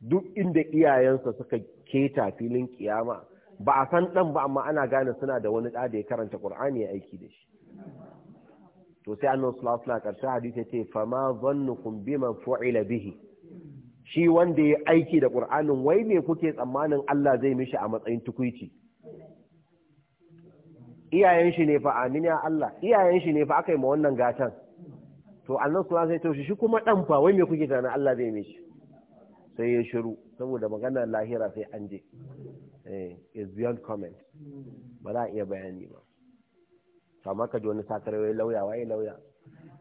duk inda iyayensa suka keta filin kiyama ba a san dan ba amma ana gane suna da wani da ya karanta qur'ani ya aiki da shi to sai annabi sallallahu na karshe hadisi ce fama zannukum biman fu'ila bihi shi wanda ya aiki da qur'anin wai me kuke tsammanin Allah zai mishi a matsayin tukuici iyayen shi ne fa amina Allah iyayen shi ne fa aka yi ma wannan gatan to annan suna sai taushe shi kuma dan fa wai me kuke tana Allah zai mai shi sai ya shiru saboda maganar lahira sai an je eh is beyond comment ba za a iya bayani ba to amma ka ji wani wai lauya wai lauya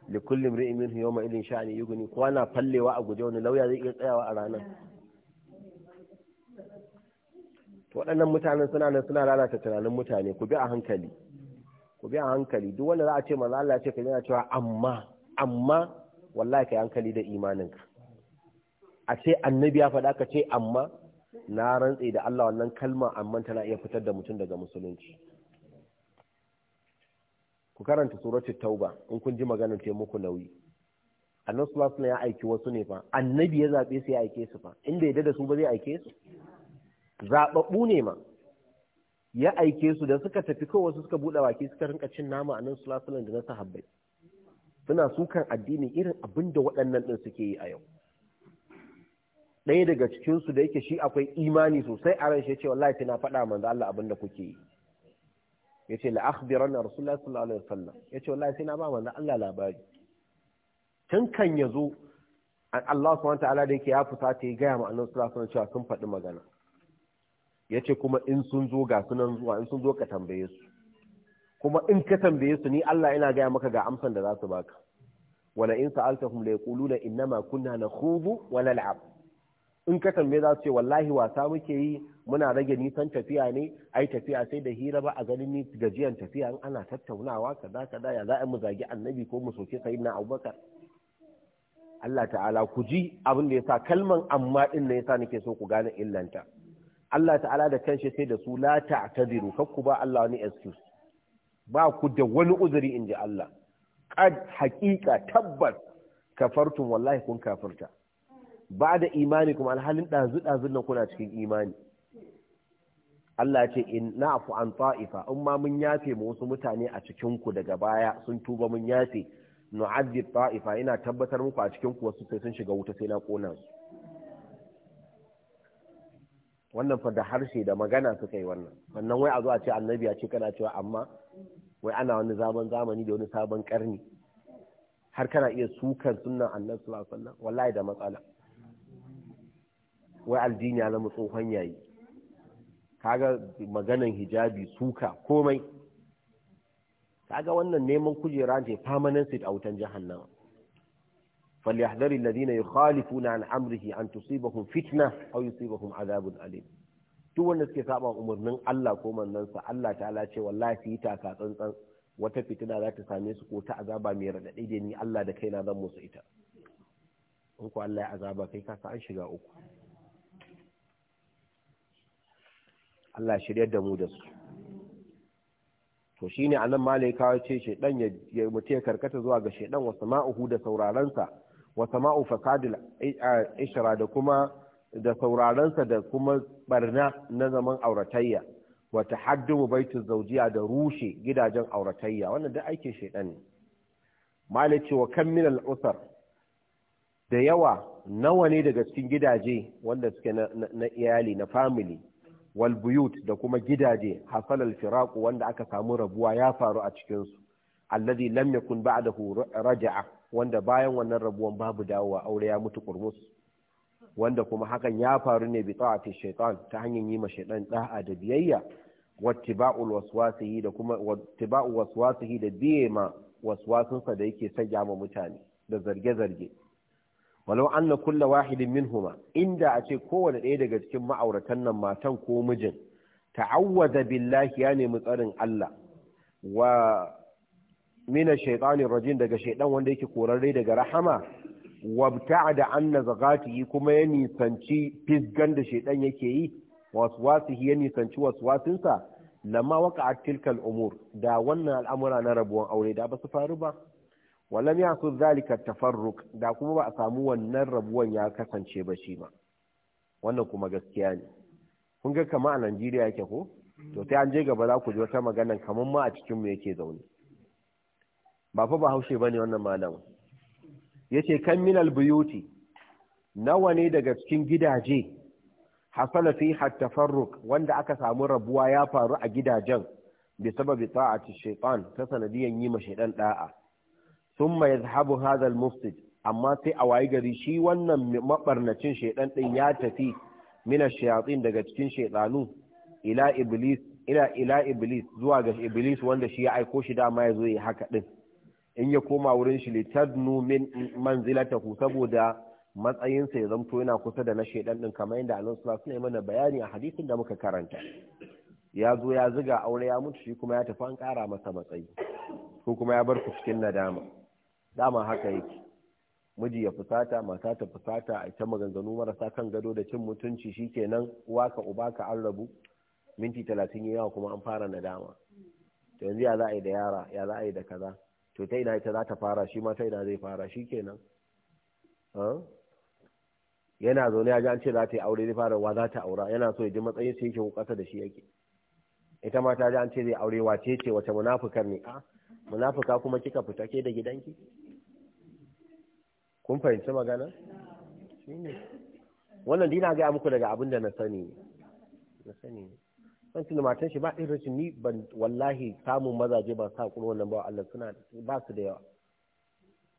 li kulli mri'in minhu yawma idin sha'ani yuguni kuwa na fallewa a guje wani lauya zai iya tsayawa a ranar to waɗannan mutanen suna nan suna lalata tunanin mutane ku bi a hankali ku bi a hankali duk wanda za a ce manzo Allah ce ka yana cewa amma amma wallahi kai hankali da imaninka a ce annabi ya faɗa ka ce amma na rantse da Allah wannan kalma amma tana iya fitar da mutum daga musulunci ku karanta suratu tauba in kun ji maganar ta muku nauyi annabi sallallahu alaihi ya aiki wasu ne fa annabi ya zabe su ya aike su fa inda yadda da su ba zai aike su zababbu ne ma ya aike su da suka tafi ko wasu suka buɗe baki suka rinka cin nama a nan sulasulan da na sahabbai suna sukan addini irin abin da waɗannan ɗin suke yi a yau ɗaya daga cikinsu da yake shi akwai imani sosai a ran shi ce wallahi na faɗa manzo Allah abin da kuke yi yace la akhbirana rasulullahi sallallahu alaihi wasallam yace wallahi sai na ba manzo Allah labari tun kan yazo Allah subhanahu wa ta'ala da yake ya fusata ya ga mu annabi sallallahu alaihi wasallam cewa sun faɗi magana ya ce kuma in sun zo ga sunan zuwa in sun zo ka tambaye su kuma in ka tambaye su ni Allah ina gaya maka ga amsan da za su baka wala in sa'altahum la yaquluna innama kunna nakhudu wa nal'ab in ka tambaye za su ce wallahi wasa muke yi muna rage nisan tafiya ne ai tafiya sai da hira ba a ganin ni gajiyan tafiya in ana tattaunawa kaza kaza ya za a mu zagi annabi ko mu soke sayyidina Abubakar Allah ta'ala ku ji abin da ya sa kalman amma din ne yasa nake so ku gane illanta Allah ta'ala da kanshi sai da su la ta'tadiru kakku ba Allah wani excuse ba ku da wani uzuri ji Allah kad haqiqa tabbas kafartum wallahi kun kafirta ba da imani kuma alhalin dazu dazun nan kuna cikin imani Allah ce in na'fu an ta'ifa in ma mun yafe mu wasu mutane a cikin ku daga baya sun tuba mun yafe nu'azzib ta'ifa ina tabbatar muku a cikin ku wasu sai sun shiga wuta sai na kona su wannan fa da harshe da magana suka yi wannan wannan wai a zuwa ce annabi ya ce kana cewa amma wai ana wani zaman zamani da wani sabon karni har kana iya sukan sunan annabi sallallahu alaihi wasallam wallahi da matsala wai aljini ya zama tsohon yayi kaga maganan hijabi suka komai kaga wannan neman kujera ne permanent a wutan jahannama فليحذر الذين يخالفون عن امره ان تصيبهم فتنه او يصيبهم عذاب اليم duk wanda suke saba umarnin Allah ko sa Allah ta'ala ce wallahi su yi taka tsantsan wata fitina za ta same su ko ta azaba mai raɗaɗi da ni Allah da kaina zan musu ita in ku Allah ya azaba kai kasa an shiga uku Allah shiryar da mu da su to shine anan malaika ya ce shedan ya mutu ya karkata zuwa ga shedan wa da da sa. wata sama'u fasadil ishra da kuma da saurarensa da kuma barna na zaman auratayya wata tahaddumu baitu zaujiya da rushe gidajen auratayya wannan da aikin shedan ne malik wa kam min usar da yawa nawa ne daga cikin gidaje wanda suke na iyali na family wal buyut da kuma gidaje hasal al wanda aka samu rabuwa ya faru a cikin su alladhi lam yakun ba'dahu raja'a wanda bayan wannan rabuwan babu dawowa aure ya mutu kurmus wanda kuma hakan ya faru ne bi ta'ati shaitan ta hanyar yi ma shaitan da'a da biyayya wattiba'ul waswasihi da kuma wattiba'u da biye ma wasunsa da yake sanya ma mutane da zarge-zarge walau anna kulla wahidin minhuma inda a ce kowane ɗaya daga cikin ma'auratan nan matan ko mijin ta'awwaza billahi ya nemi tsarin Allah mina shaitanin rajin daga shaidan wanda yake korarre daga rahama Wabta'a da anna zagatihi kuma ya nisanci fisgan da shaidan yake yi waswasihi ya nisanci waswasinsa lamma waka a tilkal umur da wannan al'amura na rabuwan aure da ba su faru ba walam ya su zalika tafarruk da kuma ba a samu wannan rabuwan ya kasance ba shi ba wannan kuma gaskiya ne kun ga kama a Najeriya yake ko to sai an je gaba za ku ji wata magana kamar ma a cikin mu yake zaune ba fa ba haushe ba ne wannan malamin yace kan minal buyuti nawa ne daga cikin gidaje hasala fi hattafarruq wanda aka samu rabuwa ya faru a gidajen bi sababi ta'ati shaytan ta sanadiyan yi ma shaydan da'a thumma yadhhabu hadha al-mufsid amma sai a wayi gari shi wannan mabarnacin shaydan din ya tafi mina ash-shayatin daga cikin shaydanu ila iblis ila ila iblis zuwa ga iblis wanda shi ya aiko shi dama ya zo yi haka din in ya koma wurin shi litadnu min manzilatahu saboda matsayinsa ya zamto yana kusa da na shaidan din kamar yadda annabi sallallahu alaihi mana bayani a hadisin da muka karanta ya zo ya ziga aure ya mutu shi kuma ya tafi an kara masa matsayi ko kuma ya bar ku cikin nadama dama haka yake miji ya fusata mata ta fusata a ta maganganu marasa kan gado da cin mutunci shikenan uwa ka uba ka an rabu minti talatin yawa kuma an fara nadama to yanzu ya za a yi da yara ya za a yi da kaza to ta ina ita za ta fara shi ma ta ina zai fara shi kenan yana zaune ya ji an ce za ta yi aure zai fara wa za ta aura yana so ya ji matsayin sai yake kasa da shi yake ita ma ta ji an ce zai aure wace ce wace munafukar ne a munafuka kuma kika fita ke da gidanki kun fahimci magana wannan dina ga muku daga abin da na sani na sani wancan matan shi ba irin rashin ni ban wallahi samun mazaje ba sa kuma wannan ba Allah suna ba su da yawa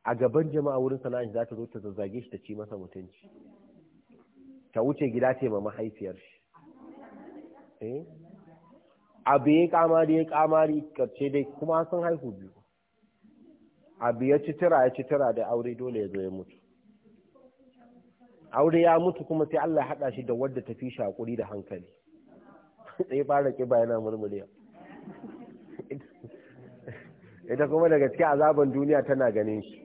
a gaban jama'a wurin sana'a za ta zo ta zazzage shi ta ci masa mutunci ta wuce gida ta ma mahaifiyar shi eh abu ya kamari ya kamari karce dai kuma sun haihu biyu abu ya ci ya ci tira da aure dole ya zo ya mutu aure ya mutu kuma sai Allah ya haɗa shi da wadda ta fi shi da hankali sai fara kiba yana murmuriya ita kuma daga cikin azaban duniya tana ganin shi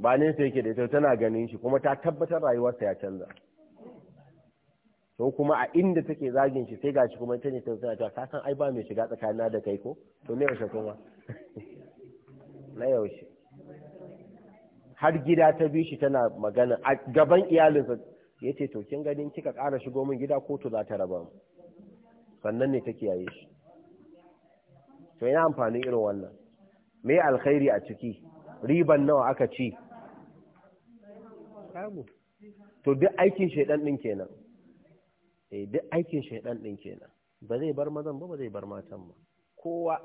ba ne sai yake da ita tana ganin shi kuma ta tabbatar rayuwarsa ya canza to kuma a inda take zagin shi sai gashi kuma ita ne ta tana ta, ka san ai ba mai shiga tsakanin da kai ko to ne yaushe kuma na yaushe har gida ta bi shi tana magana a gaban iyalinsa yace to kin ganin kika ƙara shigo min gida kotu za ta raba mu sannan ne ta kiyaye shi to ina amfanin irin wannan me alkhairi a ciki riban nawa aka ci to duk aikin shaidan din kenan eh duk aikin shaidan din kenan ba zai bar mazan ba ba zai bar matan ba kowa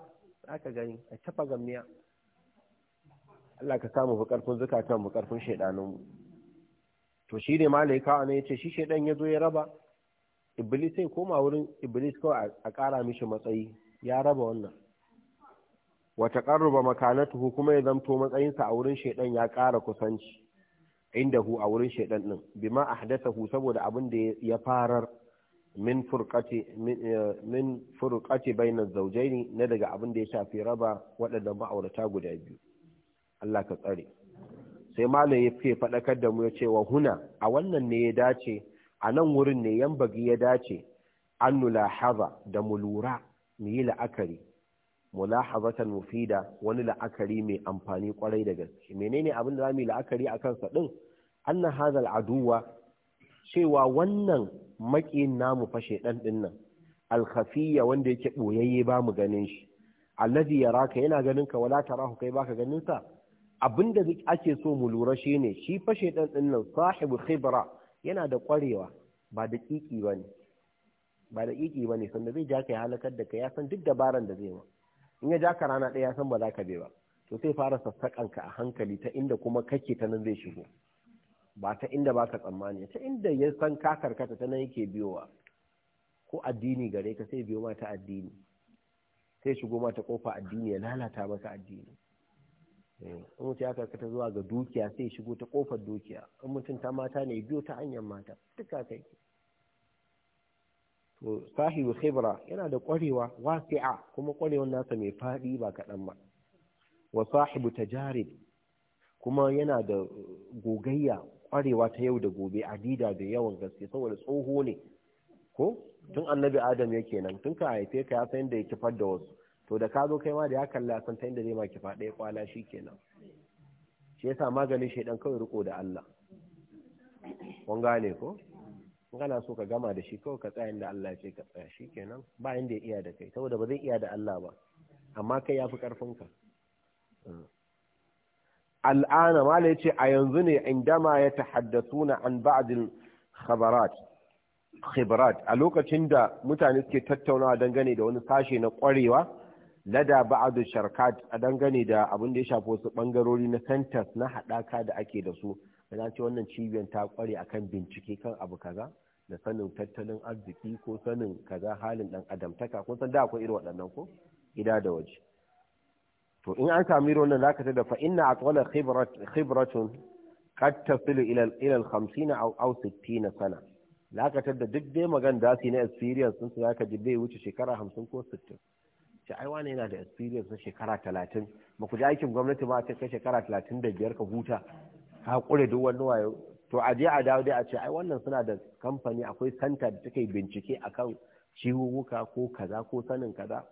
aka gani a tafa gamiya Allah ka samu fi karfin zukatan mu karfin shaidanin mu to shi ne malai kawo ya yace shi shaidan ya zo ya raba iblis sai koma wurin iblis kawai a ƙara mishi matsayi ya raba wannan wata ƙarruba makanatuhu kuma ya zamto matsayinsa a wurin shaidan ya ƙara kusanci Inda hu a wurin shaidan din bima hu, saboda abin da ya farar min furqati min furqati bainaz zawjaini na daga abin da ya shafi raba waɗannan ma'aurata guda biyu Allah ka tsare sai malai ya fi faɗakar da mu ya ce wa huna a wannan ne ya dace a nan wurin ne yan bagi ya dace an nulahaza da mu lura mu yi la'akari mulahazatan mufida wani la'akari mai amfani kwarai da gaske menene abin da mu yi la'akari a kansa ɗin anna hazal aduwa cewa wannan maƙin namu fashe shedan din nan Alkhafiya wanda yake ɓoyayye ba mu ganin shi allazi yaraka yana ganin ka wala tarahu kai baka ganin sa abinda ake so mu lura shine shi fashe ɗan din nan sahibu khibra yana da ƙwarewa ba da ƙiƙi ba ne ba da ƙiƙi ba ne sanda zai ja ka ya halakar da ka ya san duk dabaran da zai ma in ya ja ka rana ɗaya ya san ba za ka bai ba to sai fara sassaƙan ka a hankali ta inda kuma kake ta nan zai shigo ba ta inda ba ka tsammani ta inda ya san ka karkata ta nan yake biyowa ko addini gare ka sai biyo mata addini sai shigo mata kofa addini ya lalata maka addini Eh, in mutum ya karkata zuwa ga dukiya sai shigo ta kofar dukiya in mutum ta mata ne biyo ta hanyar mata duka kai to sahibu khibra yana da kwarewa wasi'a kuma kwarewar nasa mai fadi ba kaɗan ba wa sahibu tajarib kuma yana da gogayya kwarewa ta yau da gobe adida da yawan gaske saboda tsoho ne ko tun annabi adam yake nan tun ka haife ka ya san da ya fadda wasu to da ka zo kai ma da ya kalla san ta inda zai maki faɗa ya kwala shi kenan shi yasa maganin shi dan kawai riko da Allah kun gane ko in kana so ka gama da shi kawai ka tsaya inda Allah ce ka tsaya shi kenan ba inda ya iya da kai saboda ba zai iya da Allah ba amma kai yafi karfin ka hmm. al'ana mala ce a yanzu ne indama ya tahaddathuna an ba'd al khabarat khibrat a lokacin da mutane suke tattaunawa dangane da wani sashe na kwarewa lada ba'adu sharkat a dangane da abin da ya shafi wasu bangarori na centers na haɗaka da ake da su na ce wannan cibiyar ta kware akan bincike kan abu kaza da sanin tattalin arziki ko sanin kaza halin dan adamtaka kun san da akwai irin waɗannan ko gida da waje to in an sami irin wannan zaka ta da fa inna atwala khibrat khibratun qad tasilu ila ila al 50 aw aw 60 sana zaka ta da duk dai magan da su na experience sun zaka ji bai wuce shekara 50 ko 60 ce ai wane yana da experience na shekara talatin ba ku ji aikin gwamnati ba ta kai shekara talatin da biyar ka huta ka haƙure duk wani wayo to a je a dawo dai a ce ai wannan suna da kamfani akwai santa da take bincike akan ciwuwuka ko kaza ko sanin kaza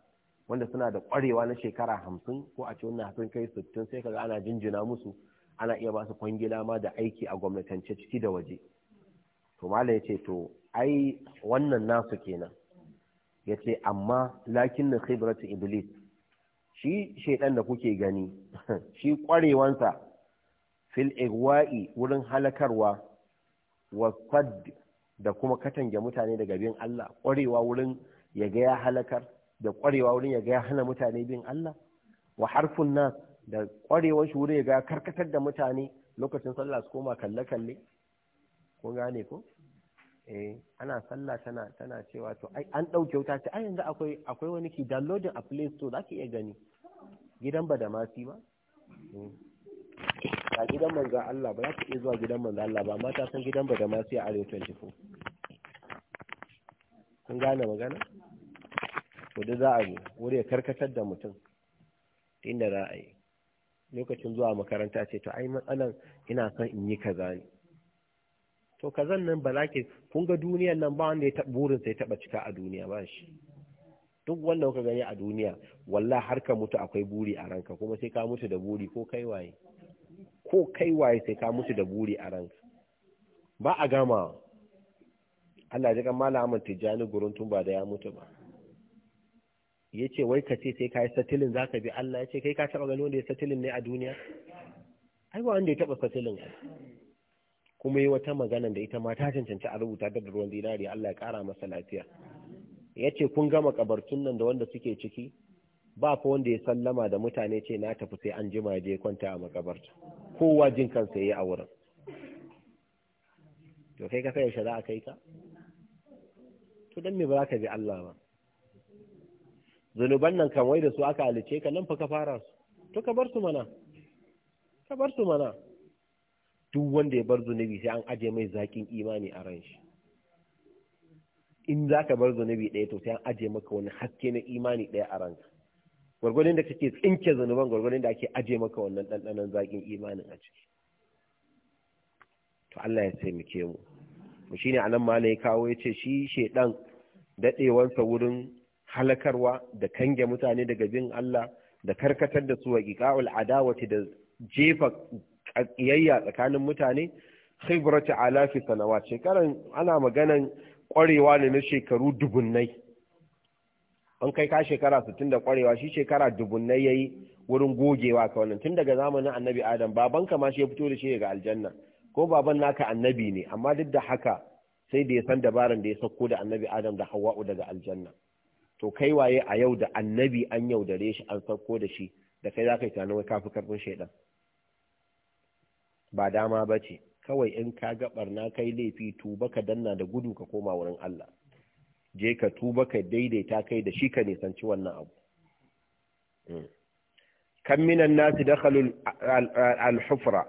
wanda suna da kwarewa na shekara hamsin ko a ce wannan sun kai sittin sai kaga ana jinjina musu ana iya ba su kwangila ma da aiki a gwamnatance ciki da waje to malam yace to ai wannan nasu kenan ya ce amma lakin na khibratu iblis shi shaidan da kuke gani [laughs] shi kwarewansa fil igwa'i wurin halakarwa wa sad da kuma katange mutane daga bin Allah kwarewa wurin ya ga ya halakar da kwarewa wurin ya ga ya hana mutane bin Allah wa harfun nas da kwarewa shi wurin ya ga karkatar da mutane lokacin sallah su koma kalle kalle kun gane ko eh ana sallah tana tana cewa to ai an dauke wuta ce ai yanzu akwai akwai wani ki downloading a Play Store zaki iya gani gidan hmm. ba da masi ba ga gidan manzan Allah ba za iya zuwa gidan manzan Allah ba mata san gidan ba da masi a arewa 24 kun gane magana? da za a yi wuri ya karkatar da mutum inda za a yi lokacin zuwa makaranta ce to ai matsalan ina son in yi kaza ne to zan nan ba za ki kun ga duniyar nan ba wanda ya burin sai taba cika a duniya ba shi duk wanda kuka gani a duniya wallahi har ka mutu akwai buri a ranka kuma sai ka mutu da buri ko kai waye ko kai waye sai ka mutu da buri a ranka ba a gama Allah ya ga malamin tijjani gurin tun ba da ya mutu ba ya ce wai ka ce sai ka yi satilin za ka bi Allah ya ce kai ka taɓa gani wanda ya satilin ne a duniya ai ba wanda ya taɓa satilin kuma yi wata magana da ita ma ta cancanci a rubuta ta da ruwan zinari Allah ya kara masa lafiya ya ce kun gama kabartun nan da wanda suke ciki ba fa wanda ya sallama da mutane ce na tafi sai an jima je kwanta a makabarta kowa jin kansa yayi a wurin to kai ka sai shari'a kai ka to dan me ba ka ji Allah ba zanuban nan kan wai da su aka alice ka nan fa ka fara su to ka bar su mana ka bar su mana duk wanda ya bar zunubi sai an aje mai zakin imani a ran shi in za ka bar zunubi ɗaya to sai an aje maka wani haske na imani ɗaya a ranka gwargwadon da kake tsinke zunuban gwargwadon da ake aje maka wannan ɗanɗanon zakin imanin a ciki to Allah ya taimake mu mu shine anan ma ya kawo ya ce shi shedan daɗewansa wurin halakarwa da kange mutane daga bin Allah da karkatar da su wa iqa'ul adawati da jefa ƙiyayya tsakanin mutane khibratu alafi sanawa. shekaran ana maganan ƙwarewa ne na shekaru dubunnai an kai ka shekara 60 da ƙwarewa shi shekara dubunnai yayi wurin gogewa ka wannan tun daga zamanin annabi adam baban ka ma shi ya fito da shi daga aljanna ko baban naka annabi ne amma duk da haka sai da ya san dabaran da ya sauko da annabi adam da hawa'u daga aljanna to kai waye a yau da annabi an yaudare shi an sauko da shi da kai za ka yi tunanin wai ka fi karfin shaidan ba dama ba ce kawai in ka ga na kai laifi tuba ka danna da gudu ka koma wurin Allah je ka tuba ka daidaita kai da shi ka nisanci wannan abu mm. kan minan nasi fi alhufra hufra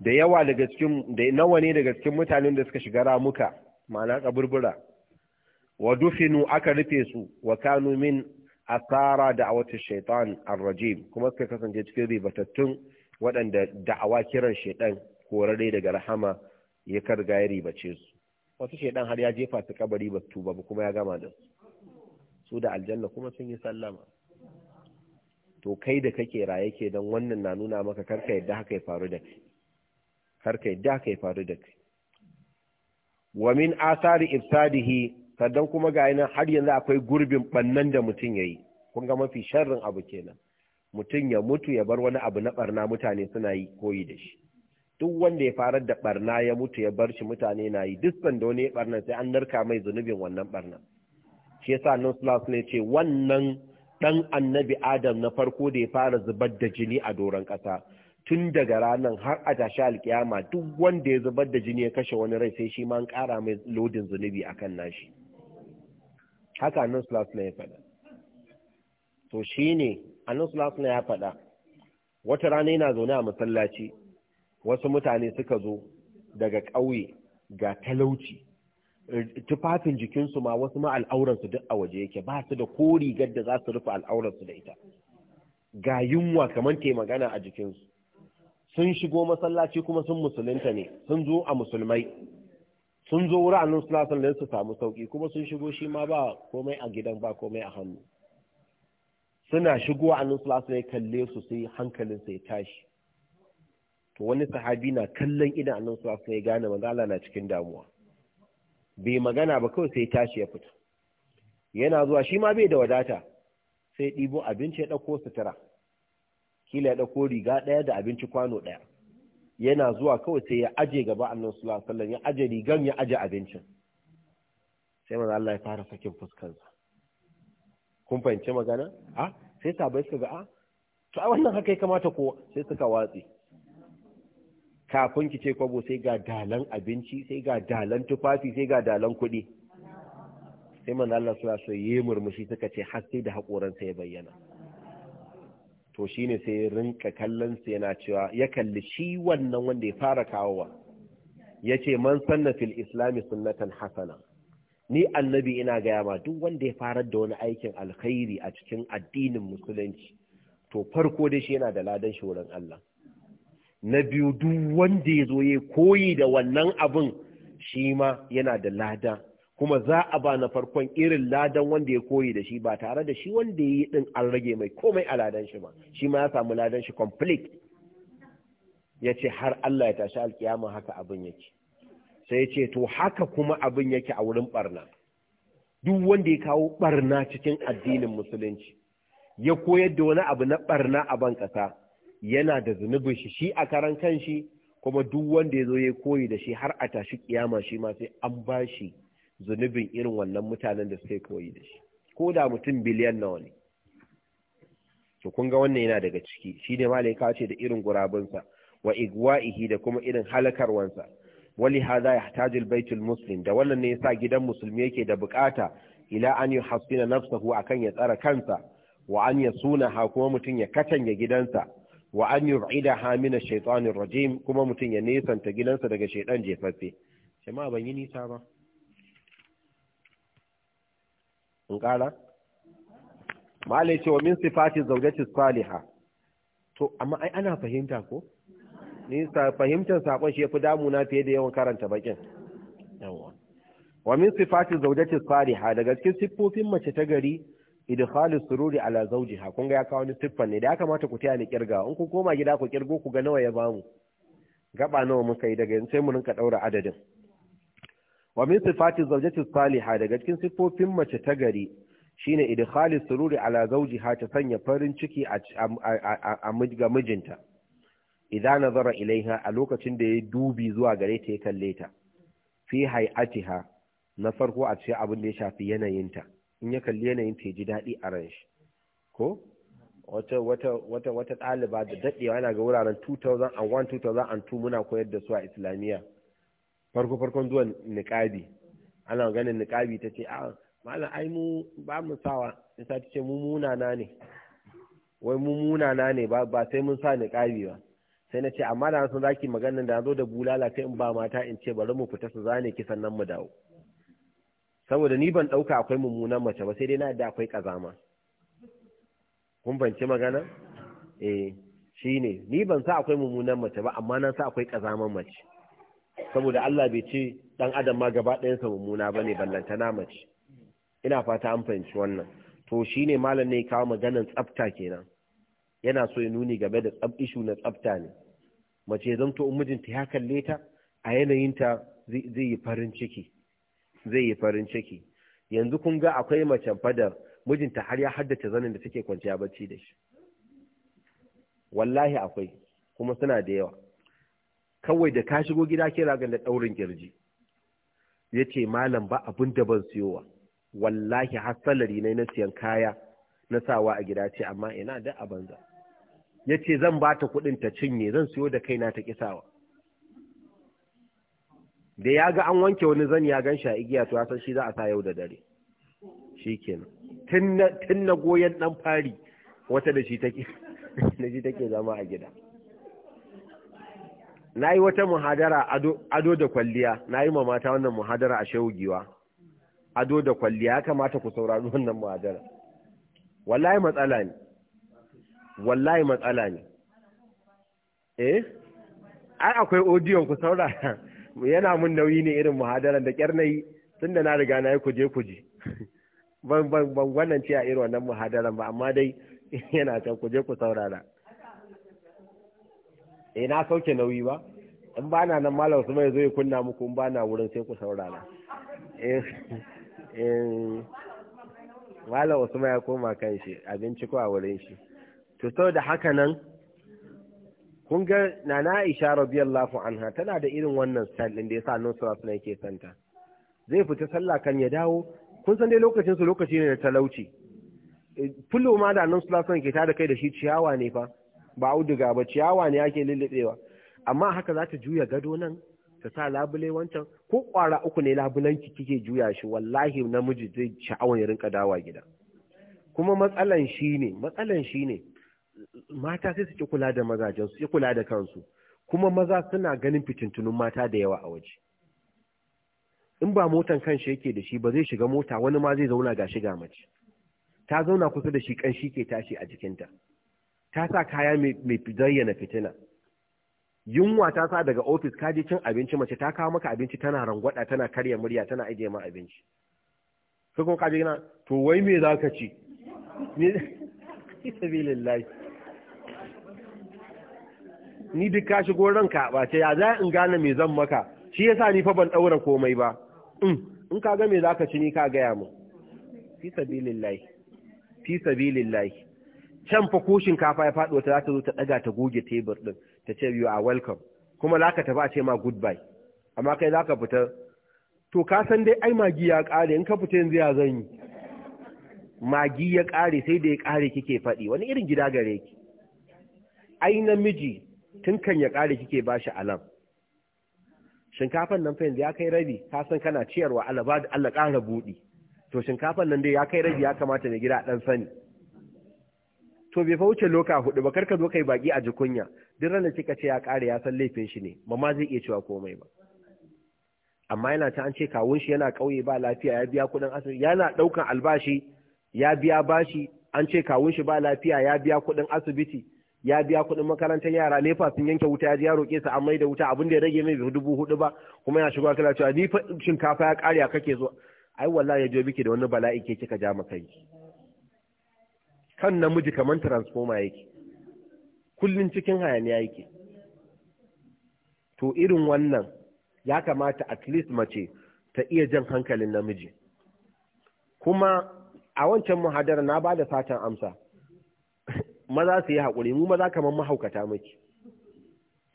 da yawa daga cikin da nawa ne daga cikin mutanen da suka shiga ramuka ma'ana kaburbura wa dufinu aka rufe su wa kanu min asara da a wata shaitan al rajim kuma suka kasance cikin ribatattun waɗanda da'awa kiran shaidan horarre daga rahama ya karga ya ribace su wasu shaidan har ya jefa su kabari ba tuba ba kuma ya gama da su su da aljanna kuma sun yi sallama to kai da kake raye ke don wannan na nuna maka karka yadda haka ya faru da kai karka yadda haka ya faru da kai wa min asari ifsadihi sannan kuma ga yana har yanzu akwai gurbin bannan da mutum ya yi. kun ga mafi sharrin abu kenan mutum ya mutu ya bar wani abu na barna mutane suna yi koyi da shi duk wanda ya farar da barna ya mutu ya bar shi mutane na yi duk sanda wani ya barna sai an narka mai zunubin wannan barna shi yasa nan sulas ne ce wannan dan annabi adam na farko da ya fara zubar da jini a doron ƙasa tun daga ranar har a tashi alkiyama duk wanda ya zubar da jini ya kashe wani rai sai shi ma an ƙara mai lodin zunubi akan nashi haka nan sulas ne ya faɗa to ne. annabi sallallahu ya faɗa wata rana yana zaune a masallaci wasu mutane suka zo daga ƙauye ga talauci tufafin jikinsu ma wasu ma al'auransu duk a waje yake ba su da ko rigar da za su rufe al'auransu da ita ga yunwa kamar te magana a jikinsu sun shigo masallaci kuma sun musulunta ne sun zo a musulmai sun zo wuri annabi sallallahu alaihi su samu sauki kuma sun shigo shi ma ba komai a gidan ba komai a hannu suna shigo a nan sulasa ya kalle su sai hankalinsa ya tashi to wani sahabi na kallon idan a sallallahu alaihi ya gane magana na cikin damuwa bai magana ba kawai sai tashi ya fita yana zuwa shi ma bai da wadata sai ɗibo abinci ya ɗauko sutura kila ya ɗauko riga ɗaya da abinci kwano ɗaya yana zuwa kawai sai ya aje gaba a nan alaihi ya aje rigan ya aje abincin sai manzo Allah ya fara sakin fuskarsa kun fahimci magana a ah. sai sabai su ga a ah, to a wannan haka ya kamata ko sai suka watsi kafin ki ce kwabo sai ga dalan abinci sai ga dalan tufafi sai ga dalan kuɗi sai man Allah sallallahu yi murmushi suka ce har sai da hakoran ya bayyana to shine sai rinka kallon su yana cewa ya kalli shi wannan wanda ya fara kawowa yace man sanna fil islam sunnatan hasana ni annabi ina gaya ma duk wanda ya farar da wani aikin alkhairi a cikin addinin musulunci to farko dai shi yana da ladan shi wurin Allah na biyu duk wanda ya zo ya koyi da wannan abin shi ma yana da lada kuma za a ba na farkon irin ladan wanda ya koyi da shi ba tare da shi wanda ya yi din an rage mai komai a ladan shi ba shi ma ya samu ladan shi complete ya ce har Allah ya tashi alkiyama haka abin yake sai ce to haka kuma abin yake a wurin barna duk wanda ya kawo barna cikin addinin musulunci ya koyar da wani abu na barna a ban ƙasa yana da zunubin shi shi a karan kanshi kuma duk wanda ya zo ya koyi da shi har a tashi kiyama shi ma sai an ba shi zunubin irin wannan mutanen da suka koyi da shi ko da mutum biliyan nawa ne to kun ga wannan yana daga ciki shine ne kawo ce da irin gurabinsa wa igwa'ihi da kuma irin halakarwansa wali hadha yahtaju albaytul muslim da wannan ne yasa gidan musulmi yake da bukata ila an yuhassina nafsahu akan ya tsara kansa wa an ha kuma mutum ya katanya gidansa wa an yub'idaha min ash-shaytanir rajim kuma mutum ya nesanta gidansa daga shaytan jefaffe jama'a ban yi nisa ba in ƙara? ma'alai ce wa min sifati zaujati saliha to amma ai ana fahimta ko ni fahimtar sakon shi yafi damuna fiye da yawan karanta bakin yawa wa min sifati zawjati saliha daga cikin siffofin mace ta gari idkhalu sururi ala zawjiha kun ga ya kawo ni siffan ne da ya kamata ku taya ni kirga in ku koma gida ku kirgo ku ga nawa ya bamu gaba nawa muka yi daga sai mu rinka daura adadin wa min sifati zawjati saliha daga cikin siffofin mace ta gari shine idkhalu sururi ala zawjiha ta sanya farin ciki a ga mijinta idan nazara ilaiha a lokacin da ya dubi zuwa gare ta ya kalle ta fi hay'atiha na farko a ce abin da ya shafi yanayinta in ya kalli yanayin ta ji daɗi a ran shi ko wata wata wata wata ɗaliba da daɗewa yana ga wuraren 2001 2002 muna koyar da su a islamiyya farko farkon zuwa niqabi ana ganin niqabi ta ce a malam ai mu ba mu sawa in ta ce mu munana ne wai mu munana ne ba sai mun sa niqabi ba sai na ce amma da sun zaki maganin da zo da bulala sai in ba mata in ce bari mu fita su zane ki sannan mu dawo saboda ni ban ɗauka akwai mummunan mace ba sai dai na yadda akwai kazama kun banci magana eh shine ni ban sa akwai mummunan mace ba amma na sa akwai kazaman mace saboda Allah bai ce dan adam ma gaba sa mummuna bane ballanta na mace ina fata an fahimci wannan to shine malam ne kawo maganan tsafta kenan yana so ya nuni game da tsab ishu na tsafta ne mace zan zamto mijinta ya kalle ta a yanayinta zai yi farin ciki zai yi farin ciki yanzu kun ga akwai macen fadar mijinta har ya haddace zanin da take kwanciya bacci da shi wallahi akwai kuma suna da yawa kawai da ka shigo gida kira ga da daurin kirji ya ce malam ba abin da ban siyowa wallahi har salari na siyan kaya na sawa a gida ce amma ina da a banza ya ce zan ba ta kudin ta cinye zan siyo da kaina ta kisawa da ya ga an wanke wani zan ya gan sha igiya to ya san shi za a sa yau da dare shi kenan tun na goyon ɗan fari wata da shi take zama a gida na yi wata muhadara ado da kwalliya na yi ma mata wannan muhadara a shaugiwa ado da kwalliya ya kamata ku saurari wannan muhadara wallahi matsala ne wallahi matsala ne eh ai akwai odiyon ku saurara [laughs] yana mun nauyi ne irin muhadaran da kyar nayi da na riga na yi kuje kuje [laughs] ban ban ban wannan ce a irin wannan muhadaran ba amma dai [laughs] yana can kuje ku saurara eh na sauke nauyi ba in ba na nan malam su mai zo ya kunna muku in ba na wurin sai ku saurara eh eh malam Usman ya koma kan shi abinci ko a wurin shi to saboda haka nan kun ga nana Aisha radiyallahu anha tana da irin wannan style din da yasa annabi sallallahu alaihi yake santa zai fita sallah kan ya dawo kun san dai lokacin su lokaci ne na talauci eh, fullo ma da annabi sallallahu alaihi ke tada kai da shi ciyawa ne fa ba auduga ba ciyawa ne ake lullubewa amma haka za ta juya gado nan ta sa labule wancan ko kwara uku ne labulanki kike juya shi wallahi namiji zai sha'awar ya rinka dawa gida kuma matsalan shi ne matsalan shi ne mata sai su ki kula da mazajen su ki kula da kansu kuma maza suna ganin fitintunun mata da yawa a waje in ba motan kanshi yake da shi ba zai shiga mota wani ma zai zauna ga shiga mace ta zauna kusa da shi shi ke tashi a jikinta ta sa kaya mai zayyana fitina yunwa ta sa daga ofis ka je cin abinci mace ta kawo maka abinci tana rangwada tana karya murya tana ajiye ma abinci sai kuma kaje na to wai me zaka ci ni [laughs] sabilillahi ni duk ka shigo ranka ba ce ya za in gane me zan maka shi yasa ni fa ban daura komai ba mm, in ka ga me zaka ci ni ka gaya mu fi sabilillahi fi sabilillahi can fa ko shinkafa ya fado ta zata zo ta ɗaga ta goge tebur ɗin ta ce you are welcome kuma za ka tafi a ce ma goodbye amma kai za ka fita to ka san dai ai magi ya ƙare in ka fita yanzu ya zan yi magi ya ƙare sai da ya kare kike faɗi wani irin gida gare ki ai namiji tun kan ya ƙare kike ba shi a nan shinkafan nan fa ya kai rabi ka san kana ciyarwa Allah ba Allah ƙara buɗi to shinkafan nan dai ya kai rabi ya kamata mai gida ɗan sani to bai fa wuce loka hudu ba karka zo kai baki a jikunya duk ranar kika ce ya ƙare ya san laifin shi ne mama zai iya cewa komai ba amma yana ta an ce kawun shi yana ƙauye ba lafiya ya biya kuɗin asibiti yana ɗaukan albashi ya biya bashi an ce kawun shi ba lafiya ya biya kuɗin asibiti ya biya kuɗin makarantar yara nefa sun yanke wuta ya ya roƙe su Amma da wuta abin da ya rage mai dubu hudu ba kuma ya shigo kala cewa ni shinkafa ya ƙare kake zo ai wallahi ya je biki da wani bala'i ke kika ja maka kan namiji kamar transformer yake kullun cikin hayaniya yake to irin wannan ya kamata at least mace ta iya jan hankalin namiji kuma a wancan muhadara na bada satan amsa maza su yi haƙuri mu maza kamar mahaukata miki.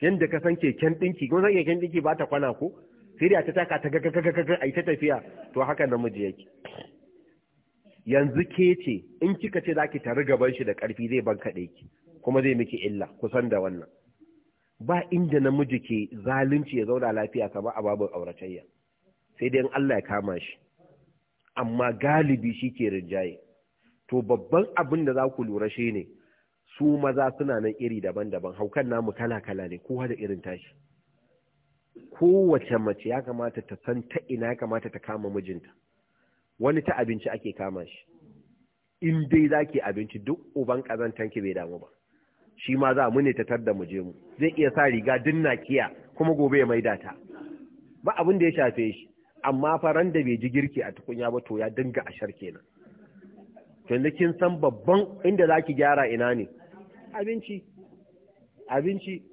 yadda ka san keken ɗinki kuma san keken ɗinki ba ta kwana ko sai da ta taka ta gagagagaga a yi ta tafiya to haka namiji yake yanzu ke ce in kika ce zaki tari gaban shi da ƙarfi zai ban kaɗe ki kuma zai miki illa kusan da wannan ba inda namiji ke zalunci ya zauna lafiya kamar a babu auratayya sai dai in Allah ya kama shi amma galibi shi ke rinjaye to babban abin da za ku lura shi ne su maza suna nan iri daban-daban haukan namu kala-kala ne kowa da irin tashi kowace mace ya kamata ta san ta ina ya kamata ta kama mijinta wani ta abinci ake kama shi in dai za ke abinci duk uban ki bai damu ba shi ma za mu ne ta tarda mu je mu zai iya sa riga dinna kiya kuma gobe ya maida ta ba abin da ya shafe shi amma faran da bai ji girki a tukunya ba to ya dinga ashar kenan to kin san babban inda za ki gyara ina ne abinci abinci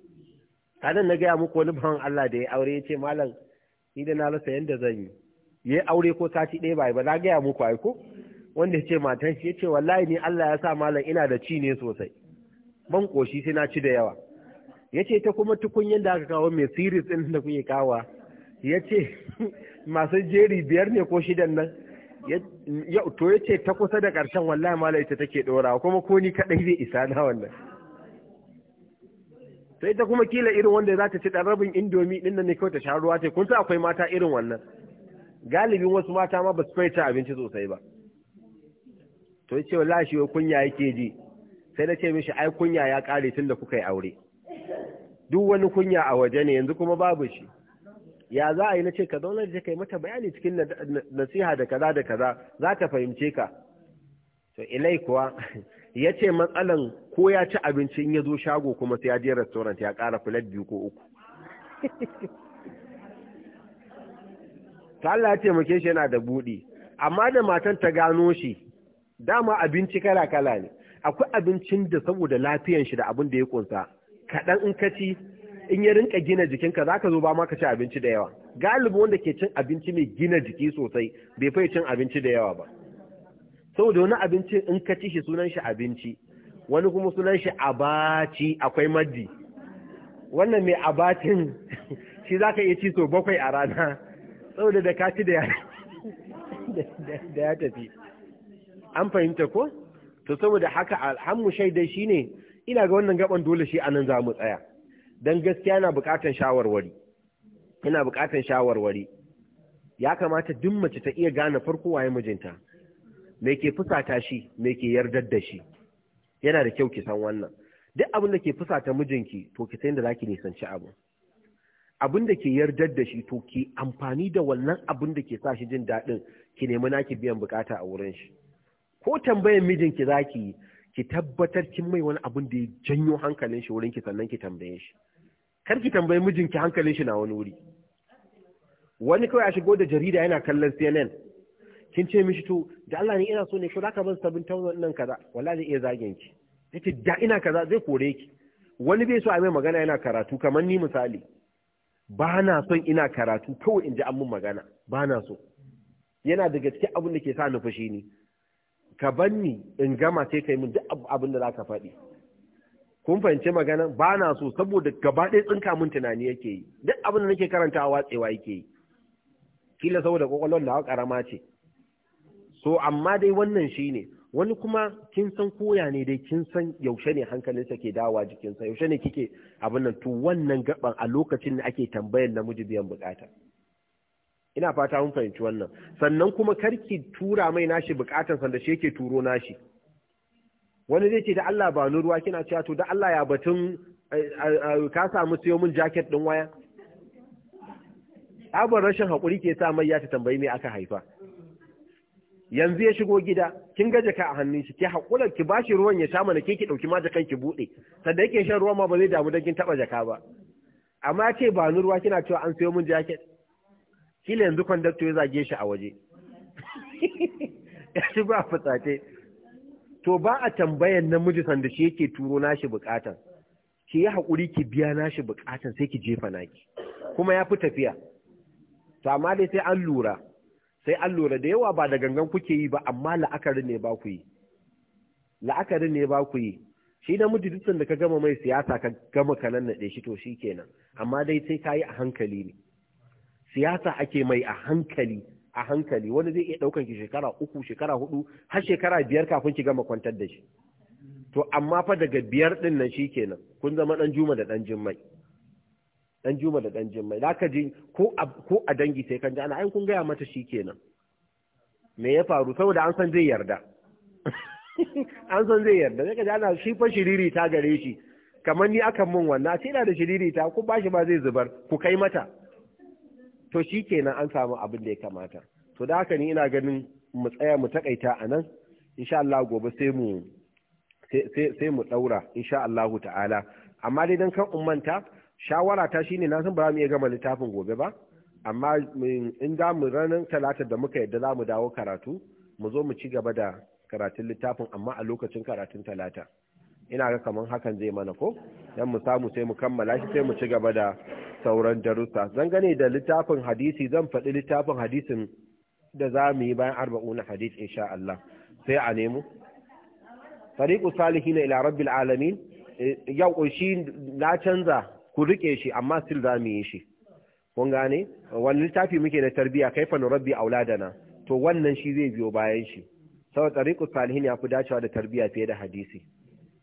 kanan na gaya muku wani bawan Allah da ya aure ya ce malam ni na rasa yadda zan yi ya aure ko sati ɗaya ba ba na gaya muku ai ko wanda ya ce matan shi ya ce wallahi ni Allah ya sa malam ina da ci ne sosai ban koshi sai na ci da yawa ya ce ta kuma tukunyar da aka kawo mai siris ɗin da kuke kawa ya ce [laughs] masu jeri biyar ne ko shidan nan to ya ce ta kusa da ƙarshen wallahi malam ita take ɗora kuma ko ni kaɗai zai isa na wannan to ita kuma kila irin wanda za ta ci dan rabin indomi ɗin nan ne kawai ta sha ruwa ce kun sa akwai mata irin wannan galibin wasu mata ma ba su fahimta abinci sosai ba to ya ce shi kunya yake ji sai na ce mishi ai kunya ya kare tun da kuka yi aure duk wani kunya a waje ne yanzu kuma babu shi ya za a yi na ce ka zauna da kai mata bayani cikin nasiha da kaza da kaza za ta fahimce ka to ilai kuwa ya ce matsalan ko ya ci abinci in ya zo shago kuma sai ya je restaurant ya ƙara filet biyu ko uku ta ya ya taimake shi yana da buɗi amma da matan ta gano shi dama abinci kala-kala ne akwai abincin da saboda lafiyan shi da abin da ya kunsa kaɗan in ka ci in ya rinka gina jikinka za ka zo ba ma ka ci abinci da yawa galibi wanda ke cin abinci mai gina jiki sosai bai fai cin abinci da yawa ba saboda wani abinci in ka ci shi sunan shi abinci wani kuma sunan shi abaci akwai maddi wannan mai abacin [laughs] shi za ka iya ci so bakwai a rana saboda da ka ci [laughs] da ya tafi an fahimta ko to saboda haka alhammu shaidai ne, ina ga wannan gaban dole shi anan za mu tsaya don gaskiya na bukatan shawarwari ina bukatan shawarwari ya kamata duk mace ta iya gane farko waye mijinta me ke fusata shi me ke yardar da shi yana da kyau ki san wannan duk abin da ke fusata mijinki to ki san da zaki nisanci abu abin da ke yardar da shi to ki amfani da wannan abin da ke sa shi jin daɗin ki nemi naki biyan bukata a wurin shi ko tambayar mijinki zaki yi ki tabbatar kin mai wani abin da ya janyo hankalin shi wurin ki sannan ki tambaye shi kar ki tambayi mijinki hankalin shi na wani wuri wani kawai a shigo da jarida yana kallon CNN kin ce mishi to da Allah ne ina so ne ko ka ban sabin tawon nan kaza wallahi zai iya zagen ki yace da ina kaza zai kore ki wani bai so a mai magana yana karatu kamar ni misali ba na son ina karatu kawai in ji an mun magana ba na so yana daga cikin abin da ke sa ni fushi ni ka ban ni in gama sai kai mun duk abin da za ka faɗi kun fahimci magana ba na so saboda gaba ɗaya tsinka mun tunani yake yi duk abin da nake karantawa watsewa yake yi kila saboda kwakwalwar nawa karama ce so amma dai wannan shi ne, wani kuma kin san koya ne dai kin san yaushe ne hankalinsa ke dawa jikinsa yaushe ne kike abin nan to wannan gaban a lokacin da ake tambayar namiji biyan bukata ina fata mun fahimci wannan sannan kuma karki tura mai nashi bukatan sanda shi yake turo nashi wani zai ce da Allah ba ni ruwa kina cewa to da Allah ya batun ka samu siyo min jacket din waya abin rashin hakuri ke sa mai ya ta tambayi me aka haifa yanzu ya shigo gida kin ga jaka a hannun shi ki hakura ki bashi ruwan ya sha mana ke ki dauki ma jakan ki bude sanda yake shan ruwa ma ba zai damu dan kin taba jaka ba amma ce ba ni ruwa kina cewa an sayo min jacket kila yanzu conductor ya zage shi a waje [laughs] ya shi ba fitsate to ba a tambayan namiji sanda shi yake turo nashi bukatan ki yi haƙuri ki biya nashi bukatan sai ki jefa naki kuma ya fi tafiya to amma dai sai an lura sai an lura da yawa ba da gangan kuke yi ba amma la'akari ne ba ku yi la'akari ne ba ku yi shi namiji dukkan da ka gama mai siyasa ka gama ka nannaɗe shi to shi kenan amma dai sai ka yi a hankali ne siyasa ake mai a hankali a hankali wani zai iya ɗaukan ki shekara uku shekara hudu har shekara biyar kafin ki gama kwantar da shi to amma fa daga biyar ɗin nan shi kenan kun zama ɗan juma da ɗan jimmai dan juma da dan jimmai ka ji ko a dangi sai kan ji ana ai kun gaya mata shi kenan me ya faru saboda an san zai yarda [laughs] an san zai yarda sai ka ji ana shi fa shiriri ta gare shi kamar ni akan mun wannan sai da shiriri ta ku bashi ba zai zubar ku kai mata to shi kenan an samu abin da ya kamata to da haka ni ina ganin mu tsaya mu takaita a nan insha Allah gobe sai mu sai mu daura insha Allah ta'ala amma dai dan kan ummanta shawara ta shine na san ba za mu iya gama littafin gobe ba amma in za mu ranar talata da muka yadda za mu dawo karatu mu zo mu ci gaba da karatun littafin amma a lokacin karatun talata ina ga kamar hakan zai mana ko dan mu samu sai mu kammala shi sai mu ci gaba da sauran darussa Zan gane da littafin hadisi zan faɗi littafin hadisin da za mu yi bayan arba'una hadis insha Allah sai a nemo tariqu salihin ila rabbil alamin eh, yau shi na canza ku rike shi amma still za mu yi shi kun gane wani littafi muke na tarbiya kaifa nurabbi auladana to wannan shi zai biyo bayan shi sau tariqu salihin ya fi dacewa da tarbiya fiye da hadisi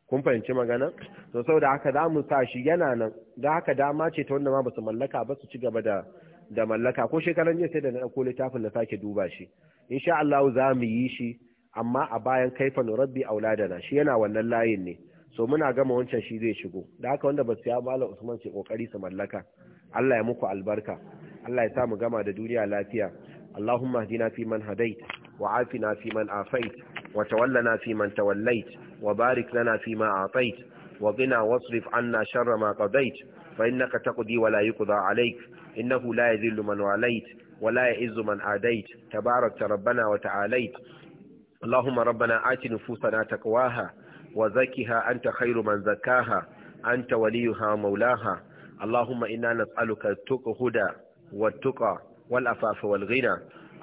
kun fahimci magana to saboda haka za mu sa shi yana nan da haka dama ce ta wanda ma ba su mallaka ba su ci gaba da da mallaka ko shekaran jiya sai da na ɗauko littafin na sake duba shi insha Allah za mu yi shi amma a bayan kaifa nurabbi auladana shi yana wannan layin ne so muna gama wancan shi zai shigo da haka wanda ba su ya mala usman ce kokari su mallaka Allah ya muku albarka Allah ya sa mu gama da duniya lafiya Allahumma hdina fi man hadait wa afina fi man afait wa tawallana fi man tawallait wa barik lana fi ma atait wa qina wasrif anna sharra ma qadait fa innaka taqdi wa la yuqda alayk innahu la yadhillu man walait wa la ya'izzu man adait tabarakta rabbana wa aci اللهم ربنا آت نفوسنا تقواها وزكها أنت خير من زكاها أنت وليها مولاها اللهم إنا نسألك هدى والتقى والأفاف والغنى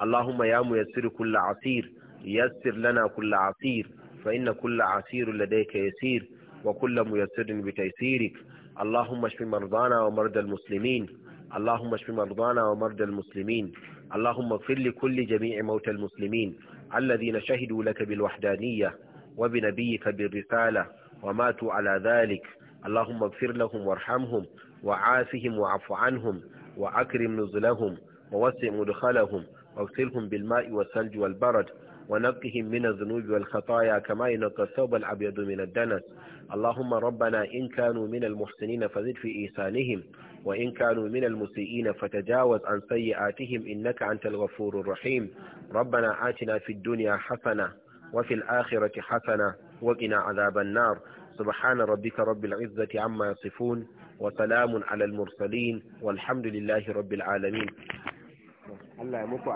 اللهم يا ميسر كل عسير يسر لنا كل عسير فإن كل عسير لديك يسير وكل ميسر بتيسيرك اللهم اشف مرضانا ومرضى المسلمين اللهم اشف مرضانا ومرضى المسلمين اللهم اغفر لكل جميع موتى المسلمين الذين شهدوا لك بالوحدانية وبنبيك بالرسالة وماتوا على ذلك اللهم اغفر لهم وارحمهم وعافهم وعف عنهم وأكرم نزلهم ووسع مدخلهم واغسلهم بالماء والثلج والبرد ونقهم من الذنوب والخطايا كما ينقى الثوب الأبيض من الدنس اللهم ربنا إن كانوا من المحسنين فزد في إيسانهم وإن كانوا من المسيئين فتجاوز عن سيئاتهم إنك أنت الغفور الرحيم ربنا آتنا في الدنيا حسنة وفي الآخرة حسنة وقنا عذاب النار سبحان ربك رب العزة عما يصفون وسلام على المرسلين والحمد لله رب العالمين الله